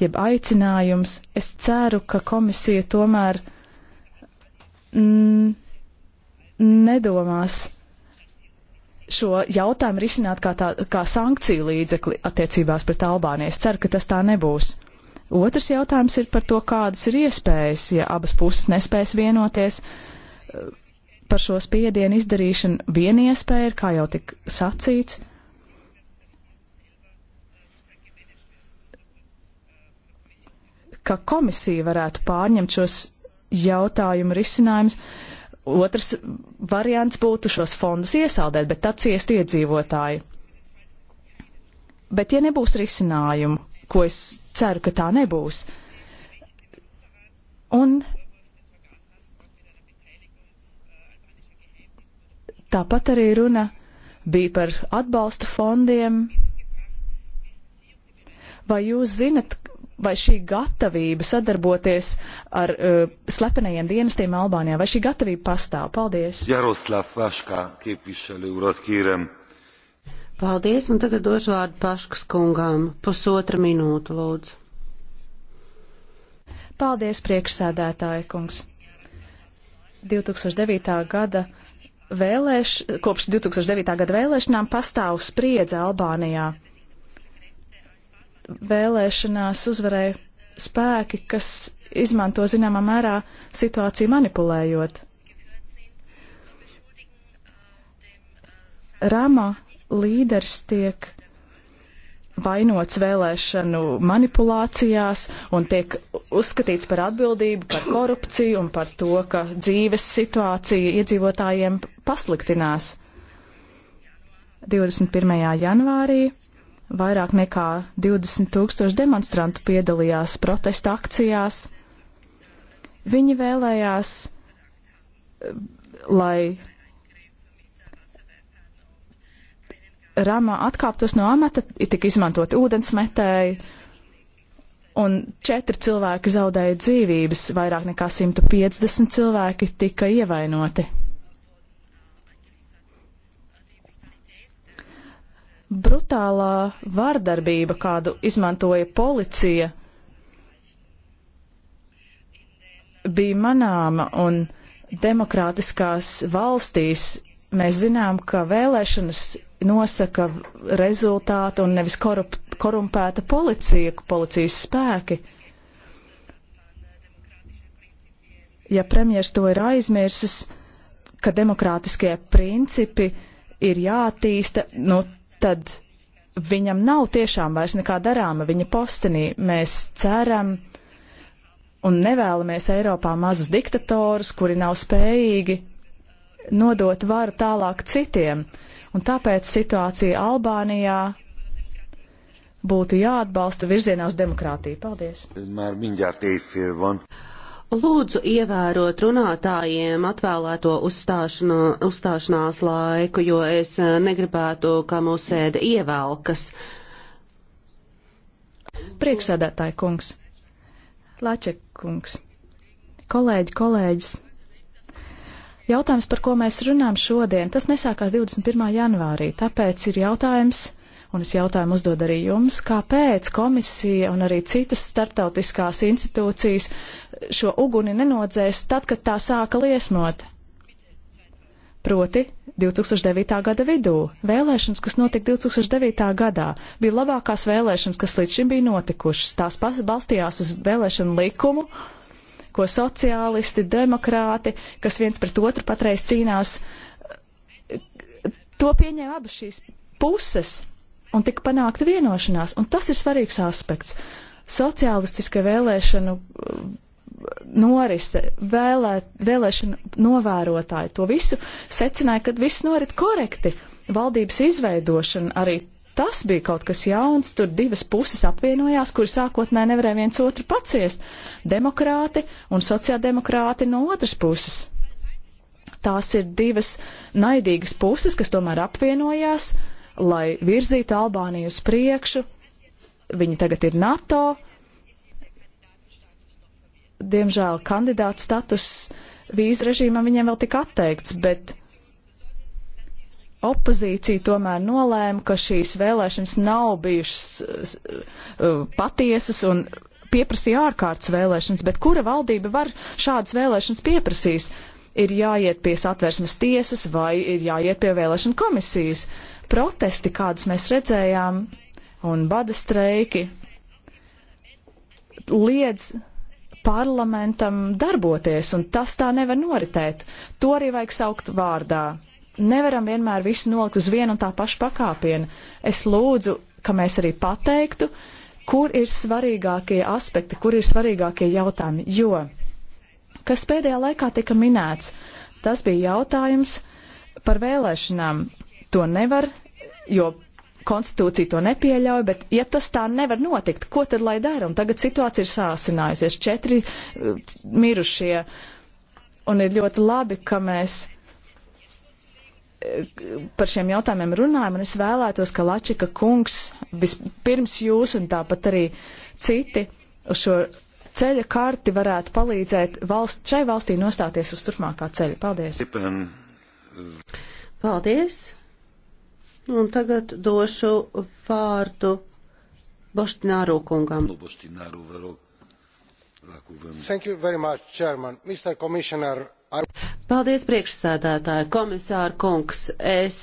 jeb aicinājums. Es ceru, ka komisija tomēr mm, nedomās šo jautājumu risināt kā, tā, kā sankciju līdzekli attiecībās pret Albāniju. Es ceru, ka tas tā nebūs. Otrs jautājums ir par to, kādas ir iespējas, ja abas puses nespēs vienoties eh, par šo spiedienu izdarīšanu. Viena iespēja ir, kā jau tik sacīts, ka komisija varētu pārņemt šos jautājumu risinājumus. Otrs variants būtu šos fondus iesaldēt, bet tad ciest iedzīvotāji. Bet ja nebūs risinājumu, ko es ceru, ka tā nebūs, un tāpat arī runa bija par atbalsta fondiem, vai jūs zinat, vai šī gatavība sadarboties ar uh, slepenajiem dienestiem Albānijā, vai šī gatavība pastāv? Paldies! Jaroslav Vaškā, képviselő urat kérem. Paldies, un tagad došu vārdu Paškas kungām. Pusotra minūte, lūdzu. Paldies, priekšsēdētāja kungs. 2009. gada vēlēš, kopš 2009. gada vēlēšanām pastāv spriedze Albānijā vēlēšanās uzvarēja spēki, kas izmanto zināmā mērā situāciju manipulējot. Rama līderis tiek vainots vēlēšanu manipulācijās un tiek uzskatīts par atbildību par korupciju un par to, ka dzīves situācija iedzīvotājiem pasliktinās. 21. janvārī Vairāk nekā 20 tūkstoši demonstrantu piedalījās protesta akcijās. Viņi vēlējās, eh, lai Rama atkāptos no amata, tika izmantoti ūdensmetēji, un četri cilvēki zaudēja dzīvības, vairāk nekā 150 cilvēki tika ievainoti. brutālā vārdarbība, kādu izmantoja policija, bija manāma un demokrātiskās valstīs mēs zinām, ka vēlēšanas nosaka rezultātu un nevis korup korumpēta policija, policijas spēki. Ja premjers to ir aizmirsis, ka demokrātiskie principi ir jātīsta, nu, tad viņam nav tiešām vairs nekā darāma viņa postenī. Mēs ceram un nevēlamies Eiropā mazus diktatorus, kuri nav spējīgi nodot varu tālāk citiem. Un tāpēc situācija Albānijā būtu jāatbalsta virzienā uz demokrātiju. Paldies! Lūdzu ievērot runātājiem atvēlēto uzstāšanā, uzstāšanās laiku, jo es eh, negribētu, ka mūs sēde ievelkas. Prieksēdētāji kungs, Lāček kungs, kolēģi, kolēģis. Jautājums, par ko mēs runām šodien, tas nesākās 21. janvārī, tāpēc ir jautājums, un es jautājumu uzdod arī jums, kāpēc komisija un arī citas starptautiskās institūcijas šo uguni nenodzēs tad, kad tā sāka liesmot? Proti 2009. gada vidū. Vēlēšanas, kas notika 2009. gadā, bija labākās vēlēšanas, kas līdz šim bija notikušas. Tās balstījās uz vēlēšanu likumu, ko sociālisti, demokrāti, kas viens pret otru patreiz cīnās, to pieņēma abas šīs puses un tika panākta vienošanās, un tas ir svarīgs aspekts. Sociālistiska vēlēšanu uh, norise, vēlē, vēlēšanu novērotāji to visu secināja, ka viss norit korekti. Valdības izveidošana arī tas bija kaut kas jauns, tur divas puses apvienojās, kur sākotnē nevarēja viens otru paciest - demokrāti un sociāldemokrāti no otras puses. Tās ir divas naidīgas puses, kas tomēr apvienojās, uh, lai virzītu Albāniju uz priekšu. Viņi tagad ir NATO. Diemžēl kandidāta status vīzu režīmam viņiem vēl tika atteikts, bet opozīcija tomēr nolēma, ka šīs vēlēšanas nav bijušas uh, patiesas un pieprasīja ārkārtas vēlēšanas, bet kura valdība var šādas vēlēšanas pieprasīs? Ir jāiet pie satversmes tiesas vai ir jāiet pie vēlēšana komisijas. Uh, protesti, kādus mēs redzējām, un bada streiki liedz parlamentam darboties, un tas tā nevar noritēt. To arī vajag saukt vārdā. Nevaram vienmēr visu nolikt uz vienu un tā pašu pakāpienu. Es lūdzu, ka mēs arī pateiktu, kur ir svarīgākie aspekti, kur ir svarīgākie jautājumi, jo, kas pēdējā laikā tika minēts, tas bija jautājums par vēlēšanām to nevar, jo konstitūcija to nepieļauj, bet ja tas tā nevar notikt, ko tad lai dara? Un tagad situācija ir sāsinājusies, četri eh, mirušie, un ir ļoti labi, ka mēs eh, par šiem jautājumiem runājam, un es vēlētos, ka Lačika kungs vispirms jūs un tāpat arī citi uz šo ceļa karti varētu palīdzēt valst, šai valstī nostāties uz turpmākā ceļa. Paldies! Paldies! Un tagad došu vārdu Boštināru kungam. Nu, Thank you very much, Chairman. Mr. Commissioner, I... Paldies, priekšsēdētāji, komisāra kungs. Es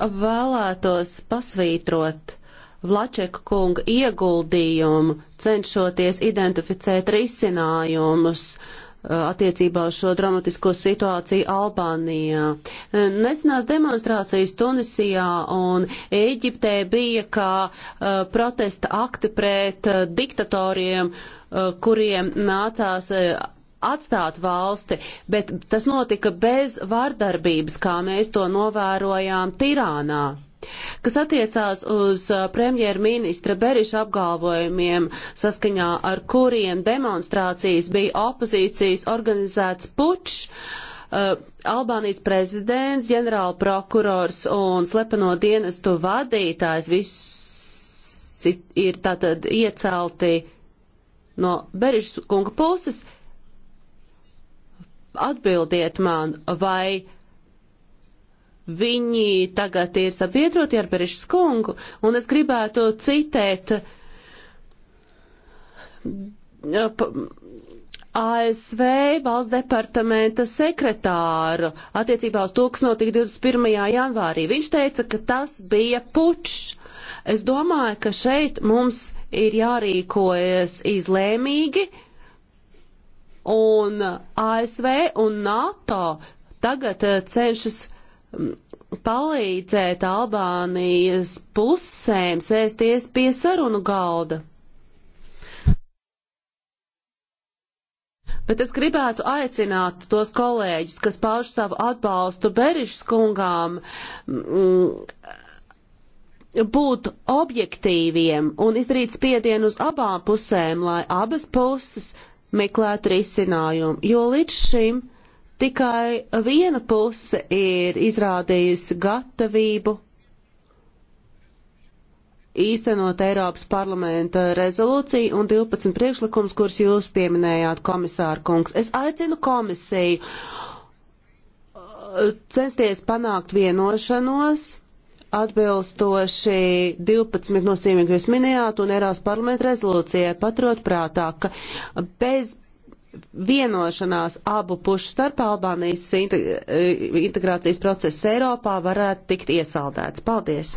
vēlētos pasvītrot Vlačeka kunga ieguldījumu, cenšoties identificēt risinājumus Uh, attiecībā uz šo dramatisko situāciju Albānijā. Uh, nesenās demonstrācijas Tunisijā un Ēģiptē bija kā uh, protesta akti pret uh, diktatoriem, uh, kuriem nācās uh, atstāt valsti, bet tas notika bez vardarbības, kā mēs to novērojām Tirānā. Kas attiecās uz uh, premjerministra Beriša apgalvojumiem, saskaņā ar kuriem demonstrācijas bija opozīcijas organizēts pučs, uh, Albānijas prezidents, ģenerāla prokurors un slepeno dienestu vadītājs visi ir tātad iecelti no Beriša kunga puses. Atbildiet man, vai Viņi tagad ir sabiedroti ar Berišas kungu, un es gribētu citēt ASV valsts departamenta sekretāru attiecībā uz to, kas notika 21. janvārī. Viņš teica, ka tas bija pučs. Es domāju, ka šeit mums ir jārīkojas izlēmīgi, un ASV un NATO tagad cenšas palīdzēt Albānijas pusēm sēsties pie sarunu galda. Bet es gribētu aicināt tos kolēģus, kas pauž savu atbalstu Berišas kungām, mm, būt objektīviem un izdarīt spiedienu uz abām pusēm, lai abas puses meklētu risinājumu, jo līdz šim uh, Tikai viena puse ir izrādījusi gatavību īstenot Eiropas parlamenta rezolūciju un 12 priekšlikums, kurus jūs pieminējāt, komisāra kungs. Es aicinu komisiju uh, censties panākt vienošanos atbilstoši 12 nosīmīgi jūs minējāt un Eiropas parlamenta rezolūcijai paturot prātā, ka bez vienošanās abu pušu starp Albānijas eh, integrācijas process Eiropā varētu tikt iesaldēts. Paldies!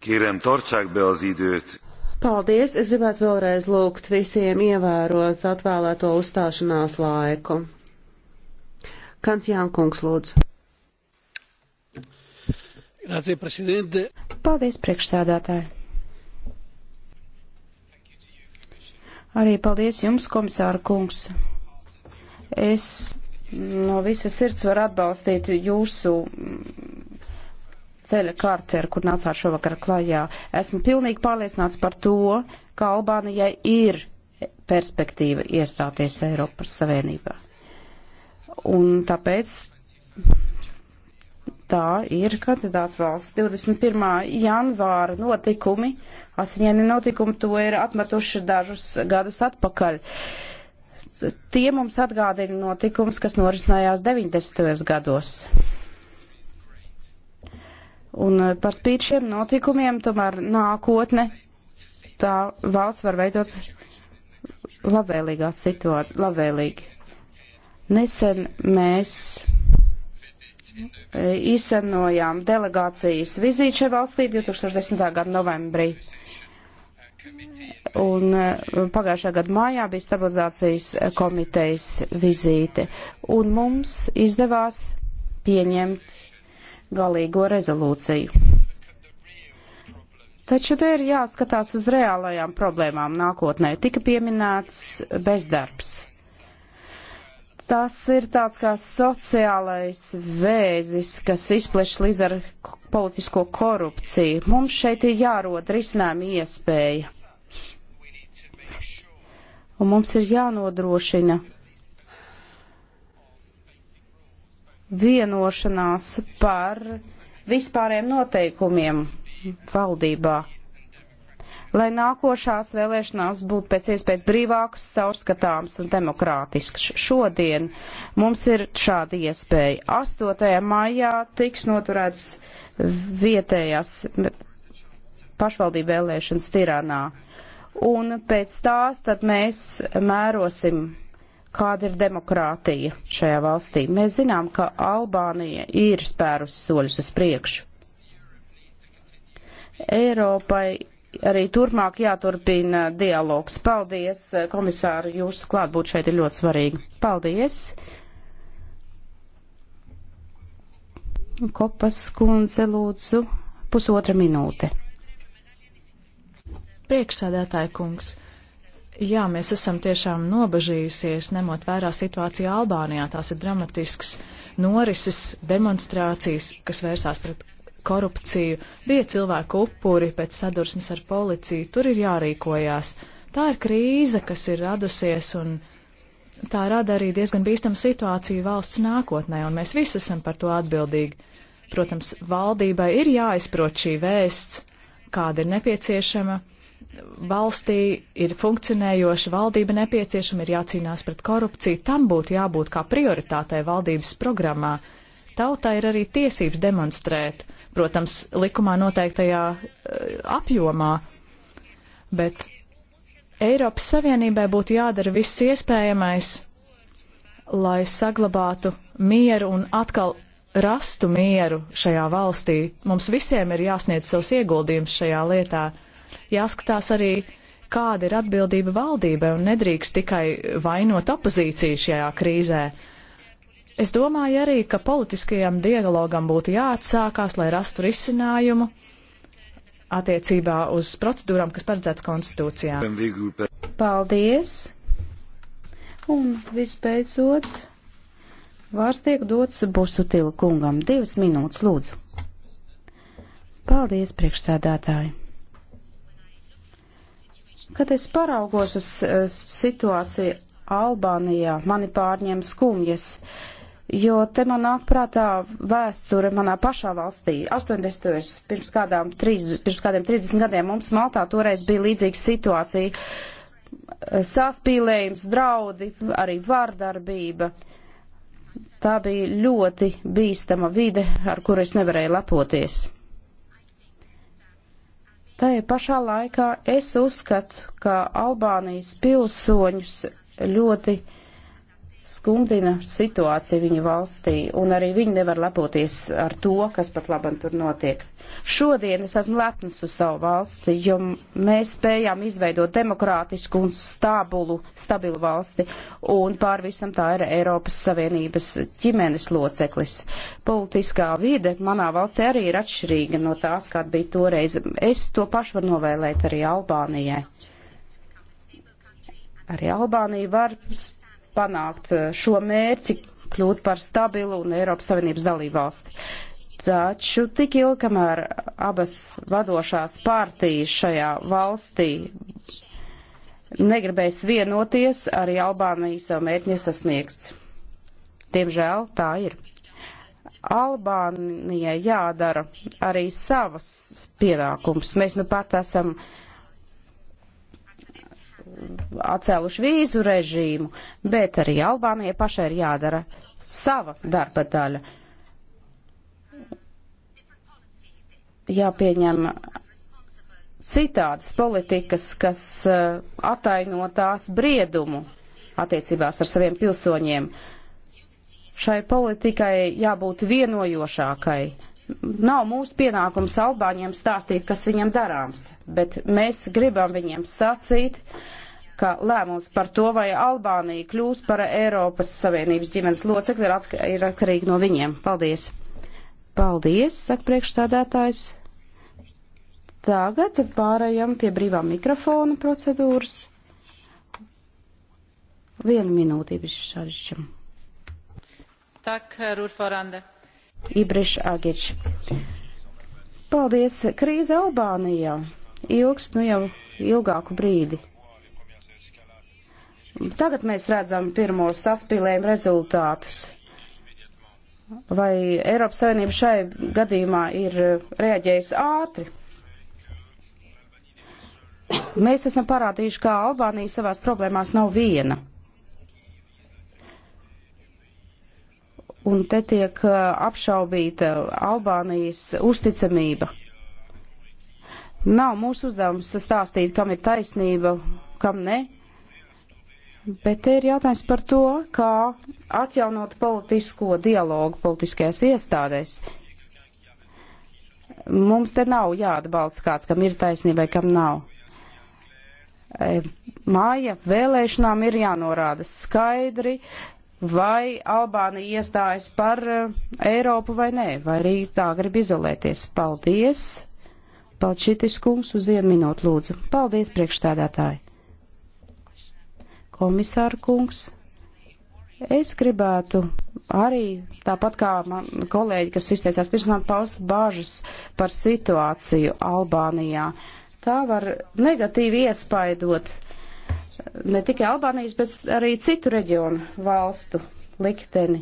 Kérem, tartsák be az időt! Paldies! Es gribētu vēlreiz lūgt visiem ievērot atvēlēto uzstāšanās laiku. Kants Jankungs, lūdzu. Grācija, prezidente. Paldies, priekšsēdētāji. Arī paldies jums, komisāra kungs. Es no visas sirds varu atbalstīt jūsu mm, ceļa karti, ar kur nācāt šovakar klajā. Esmu pilnīgi pārliecināts par to, ka Albānijai ir perspektīva iestāties Eiropas Savienībā. Un tāpēc tā ir kandidāts valsts 21. janvāra notikumi, asiņaini notikumi, to ir atmetuši dažus gadus atpakaļ. Tie mums atgādina notikums, kas norisinājās 90. gados. Un eh, par spīti šiem notikumiem, tomēr nākotne tā valsts var veidot labvēlīgā situācija, labvēlīgi. Nesen mēs Eh, īstenojām delegācijas vizīti šajā valstī 2010. gada novembrī. Un eh, pagājušā gada mājā bija stabilizācijas eh, komitejas vizīte. Un mums izdevās pieņemt galīgo rezolūciju. Taču te ir jāskatās uz reālajām problēmām nākotnē. Tika pieminēts bezdarbs. Tas ir tāds kā sociālais vēzis, kas izplešas līdz ar politisko korupciju. Mums šeit ir jārod risinājuma iespēja. Un mums ir jānodrošina vienošanās par vispāriem noteikumiem valdībā lai nākošās vēlēšanās būtu pēc iespējas brīvākas, caurskatāmas un demokrātiskas. Šodien mums ir šāda iespēja. 8. maijā tiks noturēts vietējās pašvaldību vēlēšanas Tirānā. Un pēc tās tad mēs mērosim, kāda ir demokrātija šajā valstī. Mēs zinām, ka Albānija ir spērusi soļus uz priekšu. Eiropai arī turpmāk jāturpina dialogs. Paldies, eh, komisāri, jūsu klātbūt šeit ir ļoti svarīgi. Paldies! Kopas kundze lūdzu pusotra minūte. Priekšsēdētāja kungs, jā, mēs esam tiešām nobažījusies, nemot vērā situāciju Albānijā. Tās ir dramatisks norises, demonstrācijas, kas vērsās pret korupciju, bija cilvēku upuri pēc sadursmes ar policiju, tur ir jārīkojās. Tā ir krīze, kas ir radusies, un tā rada arī diezgan bīstamu situāciju valsts nākotnē, un mēs visi esam par to atbildīgi. Protams, valdībai ir jāizprot šī vēsts, kāda ir nepieciešama. Valstī ir funkcionējoša valdība nepieciešama, ir jācīnās pret korupciju. Tam būtu jābūt kā prioritātei valdības programmā. Tautā ir arī tiesības demonstrēt, uh, protams, likumā noteiktajā eh, apjomā, bet Eiropas Savienībai būtu jādara viss iespējamais, lai saglabātu mieru un atkal rastu mieru šajā valstī. Mums visiem ir jāsniedz savs ieguldījums šajā lietā. Jāskatās arī, kāda ir atbildība valdībai un nedrīkst tikai vainot opozīciju šajā krīzē. Uh, Es domāju arī, ka politiskajam dialogam būtu jāatsākās, lai rastu risinājumu attiecībā uz procedūrām, kas paredzēts konstitūcijā. Paldies! Un visbeidzot, vārds tiek dots Busutila kungam. Divas minūtes, lūdzu. Paldies, priekšsēdētāji! Kad es paraugos uz uh, situāciju Albānijā, mani pārņem skumjas. Uh, jo te man nāk prātā vēsture manā pašā valstī. 80. pirms, kādām, 30, pirms kādiem 30 gadiem mums Maltā toreiz bija līdzīga situācija. Sāspīlējums, draudi, arī vārdarbība. Tā bija ļoti bīstama vide, ar kuru es nevarēju lepoties. Tajā pašā laikā es uzskatu, ka Albānijas pilsoņus ļoti uh, skumdina situāciju viņu valstī, un arī viņi nevar lepoties ar to, kas pat labam tur notiek. Šodien es esmu lepns uz savu valsti, jo mēs spējām izveidot demokrātisku un stabulu, stabilu valsti, un pār visam tā ir Eiropas Savienības ģimenes loceklis. Politiskā vide manā valstī arī ir atšķirīga no tās, kāda bija toreiz. Es to pašu varu novēlēt arī Albānijai. Arī Albānija var panākt eh, šo mērķi, kļūt par stabilu un Eiropas Savienības dalību valsti. Taču tik ilgi, kamēr abas vadošās partijas šajā valstī negribēs vienoties, arī Albānija savu mērķi nesasniegs. Diemžēl tā ir. Albānijai jādara arī savas pienākums. Mēs nu pat esam uh, atcēluši vīzu režīmu, bet arī Albānijai pašai ir jādara sava darba daļa. Jāpieņem citādas politikas, kas uh, ataino tās briedumu attiecībās ar saviem pilsoņiem. Šai politikai jābūt vienojošākai, nav mūsu pienākums Albāņiem stāstīt, kas viņiem darāms, bet mēs gribam viņiem sacīt, ka lēmums par to, vai Albānija kļūs par Eiropas Savienības ģimenes locekli, ir, atka, ir atkarīgi no viņiem. Paldies! Paldies, saka priekšsādātājs. Tagad pārējām pie brīvā mikrofona procedūras. Vienu minūti Ibrišķaģičam. Tak, Rūrforande. Ibrišķaģič. Paldies. Krīze Albānijā ilgst nu jau ilgāku brīdi. Tagad mēs redzam pirmo saspīlējumu rezultātus. Vai Eiropas Savienība šai gadījumā ir eh, reaģējusi ātri? Mēs esam parādījuši, kā Albānija savās problēmās nav viena. Un te tiek eh, apšaubīta Albānijas uzticamība. Nav mūsu uzdevums stāstīt, kam ir taisnība, kam ne, Bet te ir jautājums par to, kā atjaunot politisko dialogu politiskajās iestādēs. Mums te nav jāatbalsta kāds, kam ir taisnība, kam nav. E, māja vēlēšanām ir jānorāda skaidri, vai Albānija iestājas par e, Eiropu vai nē, vai arī tā grib izolēties. Paldies! Palčitis kungs uz vienu minūtu lūdzu. Paldies, priekšstādātāji! komisāra kungs. Es gribētu arī, tāpat kā man kolēģi, kas izteicās pirms man paust bāžas par situāciju Albānijā. Tā var negatīvi iespaidot eh, ne tikai Albānijas, bet arī citu reģionu valstu likteni.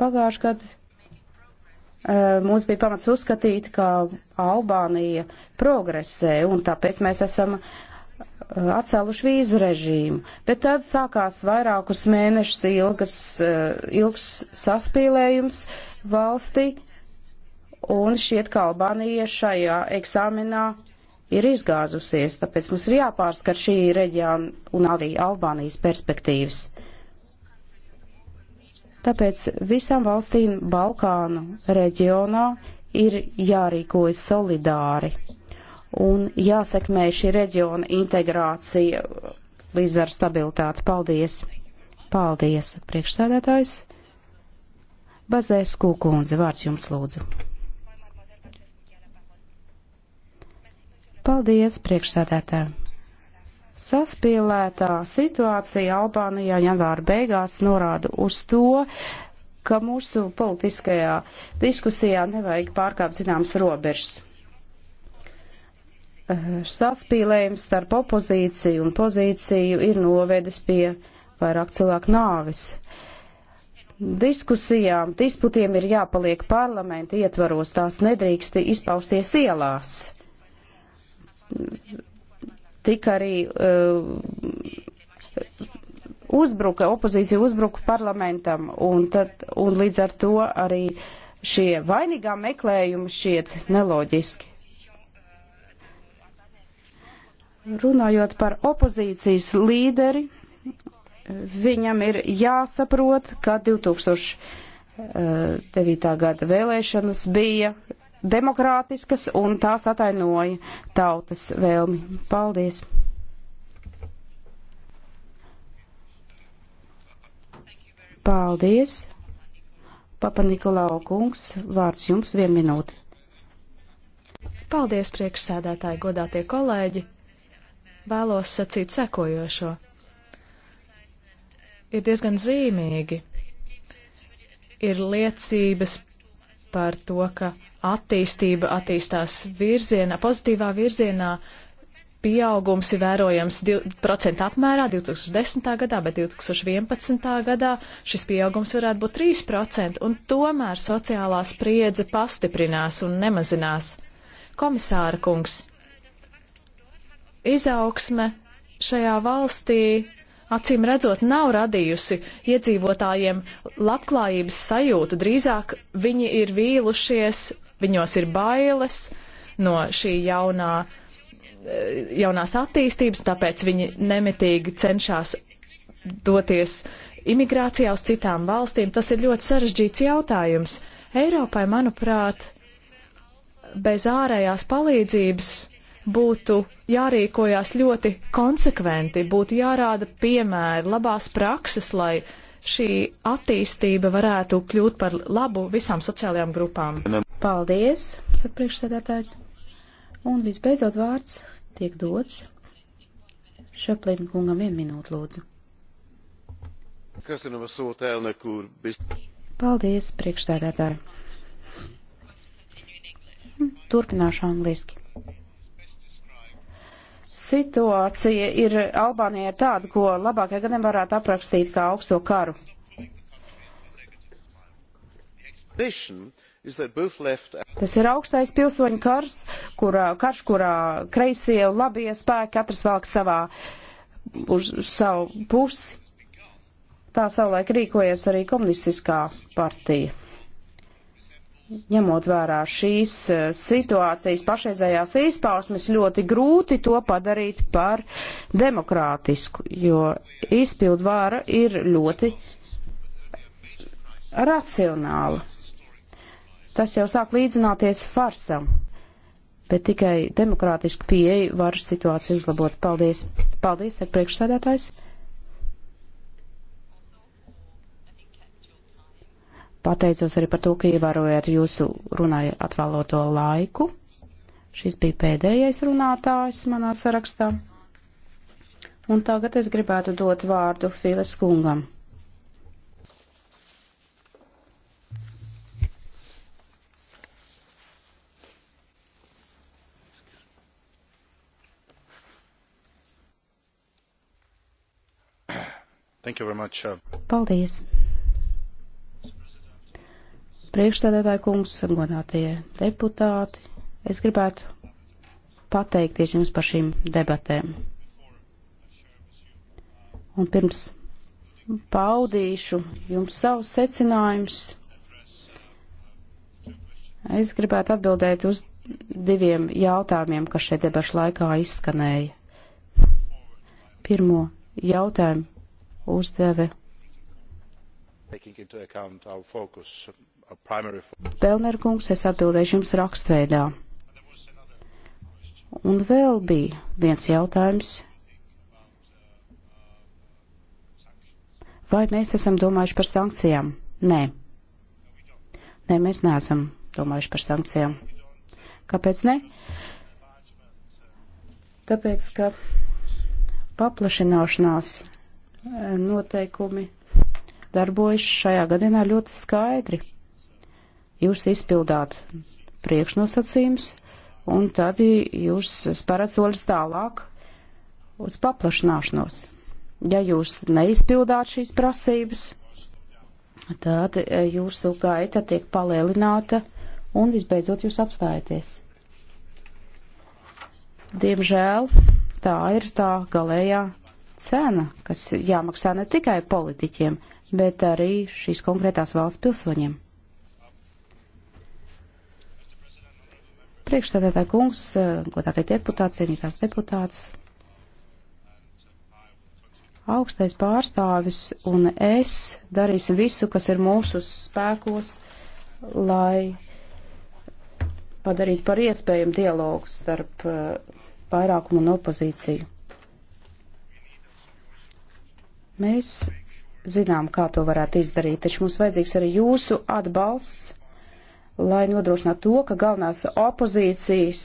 Pagājuši gadu eh, mums bija pamats uzskatīt, ka Albānija progresē, un tāpēc mēs esam Uh, atcēluši vīzu režīmu, bet tad sākās vairākus mēnešus ilgas, uh, ilgs saspīlējums valstī, un šķiet, ka Albānija šajā eksāmenā ir izgāzusies, tāpēc mums ir jāpārskat šī reģiona un arī Albānijas perspektīvas. Tāpēc visām valstīm Balkānu reģionā ir jārīkojas solidāri un jāsekmē šī reģiona integrācija līdz ar stabilitāti. Paldies! Paldies, priekšsēdētājs! Bazēs Kūkundze, vārds jums lūdzu. Paldies, priekšsēdētāji! Saspīlētā situācija Albānijā janvāra beigās norāda uz to, ka mūsu politiskajā diskusijā nevajag pārkāpt zināmas robežas. Eh, saspīlējums starp opozīciju un pozīciju ir novedis pie vairāk cilvēku nāvis. Diskusijām, disputiem ir jāpaliek parlamenta ietvaros, tās nedrīkst izpausties ielās. Tik arī uh, uzbruka, opozīcija uzbruka parlamentam, un, tad, un līdz ar to arī šie vainīgā meklējumi šiet neloģiski Runājot par opozīcijas līderi, viņam ir jāsaprot, ka 2009. Eh, gada vēlēšanas bija demokrātiskas un tās atainoja tautas vēlmi. Paldies! Paldies! Papa Nikolau kungs, vārds jums vien minūte. Paldies, priekšsēdētāji, godātie kolēģi! vēlos sacīt sekojošo. Ir diezgan zīmīgi. Ir liecības par to, ka attīstība attīstās virzienā, pozitīvā virzienā. Pieaugums ir vērojams 2% apmērā 2010. gadā, bet 2011. gadā šis pieaugums varētu būt 3%, un tomēr sociālā spriedze pastiprinās un nemazinās. Komisāra kungs, Izaugsme šajā valstī acīm redzot nav radījusi iedzīvotājiem labklājības sajūtu, drīzāk viņi ir vīlušies, viņos ir bailes no šī jaunā, eh, jaunās attīstības, tāpēc viņi nemitīgi cenšas doties imigrācijā uz citām valstīm. Tas ir ļoti sarežģīts jautājums. Eiropai, manuprāt, bez ārējās palīdzības būtu jārīkojās ļoti konsekventi, būtu jārāda piemēri, labās prakses, lai šī attīstība varētu kļūt par labu visām sociālajām grupām. Paldies, saka priekšsēdētājs. Un visbeidzot vārds tiek dots Šeplina kungam vienu minūtu lūdzu. Köszönöm a szót, elnök úr. Paldies, priekšstādātāji. Turpināšu angliski. Situācija ir Albānija ir tāda, ko labāk ja gan nevarētu aprakstīt kā augsto karu. Tas ir augstais pilsoņu kars, kurā, karš, kurā kreisie un labie spēki katrs valk savā uz, uz savu pusi. Tā savulaik rīkojas arī komunistiskā partija. Ņemot vērā šīs eh, situācijas pašreizējās izpausmes, ļoti grūti to padarīt par demokrātisku, jo izpildu vāra ir ļoti racionāla. Tas jau sāk līdzināties farsam, bet tikai demokrātiski pieeja var situāciju uzlabot. Paldies! Paldies, ar priekšsēdētājs! pateicos arī par to, ka ievērojat jūsu runāja atvēloto laiku. Šis bija pēdējais runātājs manā sarakstā. Un tagad es gribētu dot vārdu Files kungam. Thank you very much. Uh, Paldies. Priekšsēdētāja kungs, godātie deputāti, es gribētu pateikties jums par šīm debatēm. Un pirms paudīšu jums savus secinājumus, es gribētu atbildēt uz diviem jautājumiem, kas šeit debašu laikā izskanēja. Pirmo jautājumu uzdeve. Taking into account our focus Pelner kungs, es atbildēšu jums rakstveidā. Un vēl bija viens jautājums. Vai mēs esam domājuši par sankcijām? Nē. Nē, mēs neesam domājuši par sankcijām. Kāpēc ne? Tāpēc, ka paplašināšanās eh, noteikumi darbojas šajā gadienā ļoti skaidri. Jūs izpildāt priekšnosacījums, un tad jūs spērat soļus tālāk uz paplašināšanos. Ja jūs neizpildāt šīs prasības, tad eh, jūsu gaita tiek palielināta un visbeidzot jūs apstājaties. Diemžēl tā ir tā galējā cena, kas jāmaksā ne tikai politiķiem, bet arī šīs konkrētās valsts pilsoņiem. Priekšstādētāja kungs, godātie deputāti, cienītās deputāts, augstais pārstāvis un es darīsim visu, kas ir mūsu spēkos, lai padarītu par iespējumu dialogu starp eh, vairākumu un opozīciju. Mēs zinām, kā to varētu izdarīt, taču mums vajadzīgs arī jūsu atbalsts, lai nodrošinātu to, ka galvenās opozīcijas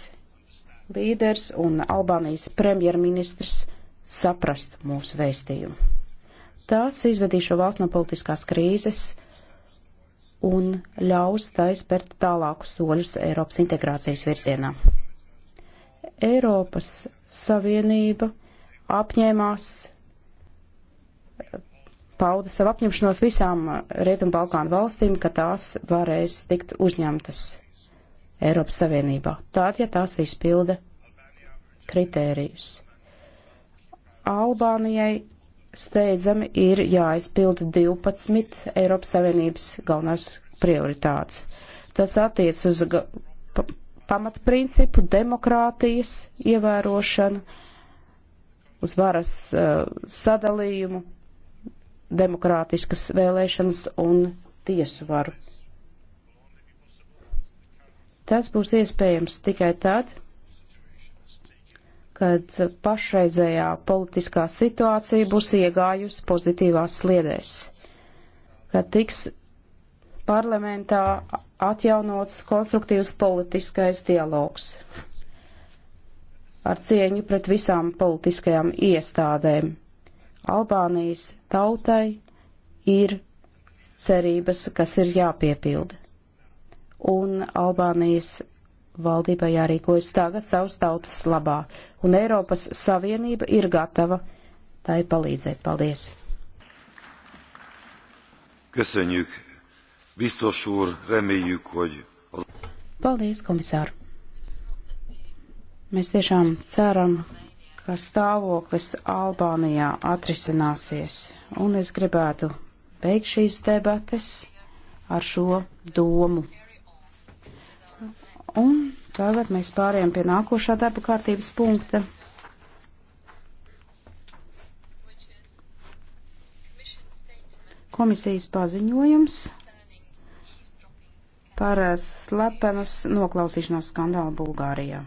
līderis un Albānijas premjerministrs saprast mūsu vēstījumu. Tās izvedīs šo valstu no politiskās krīzes un ļaus taisbērt tālākus soļus Eiropas integrācijas virzienā. Eiropas Savienība apņēmās pauda savu apņemšanos visām Rietumbalkānu valstīm, ka tās varēs tikt uzņemtas Eiropas Savienībā. Tāt, ja tās izpilda kritērijus. Albānijai steidzami ir jāizpilda 12 Eiropas Savienības galvenās prioritātes. Tas attiec uz pamatprincipu demokrātijas ievērošanu, uz varas uh, sadalījumu, demokrātiskas vēlēšanas un tiesu varu. Tas būs iespējams tikai tad, kad pašreizējā politiskā situācija būs iegājusi pozitīvās sliedēs, kad tiks parlamentā atjaunots konstruktīvs politiskais dialogs ar cieņu pret visām politiskajām iestādēm. Albānijas tautai ir cerības, kas ir jāpiepilda. Un Albānijas valdībai jārīkojas tagad savas tautas labā, un Eiropas Savienība ir gatava tai palīdzēt. Paldies! Köszönjük! Biztos úr, reméljük, hogy... Az... Paldies, komisār! Mēs tiešām ceram, ka stāvoklis Albānijā atrisināsies, un es gribētu beigt šīs debates ar šo domu. Un tagad mēs pārējām pie nākošā darba kārtības punkta. Komisijas paziņojums par slepenas noklausīšanās skandālu Bulgārijā.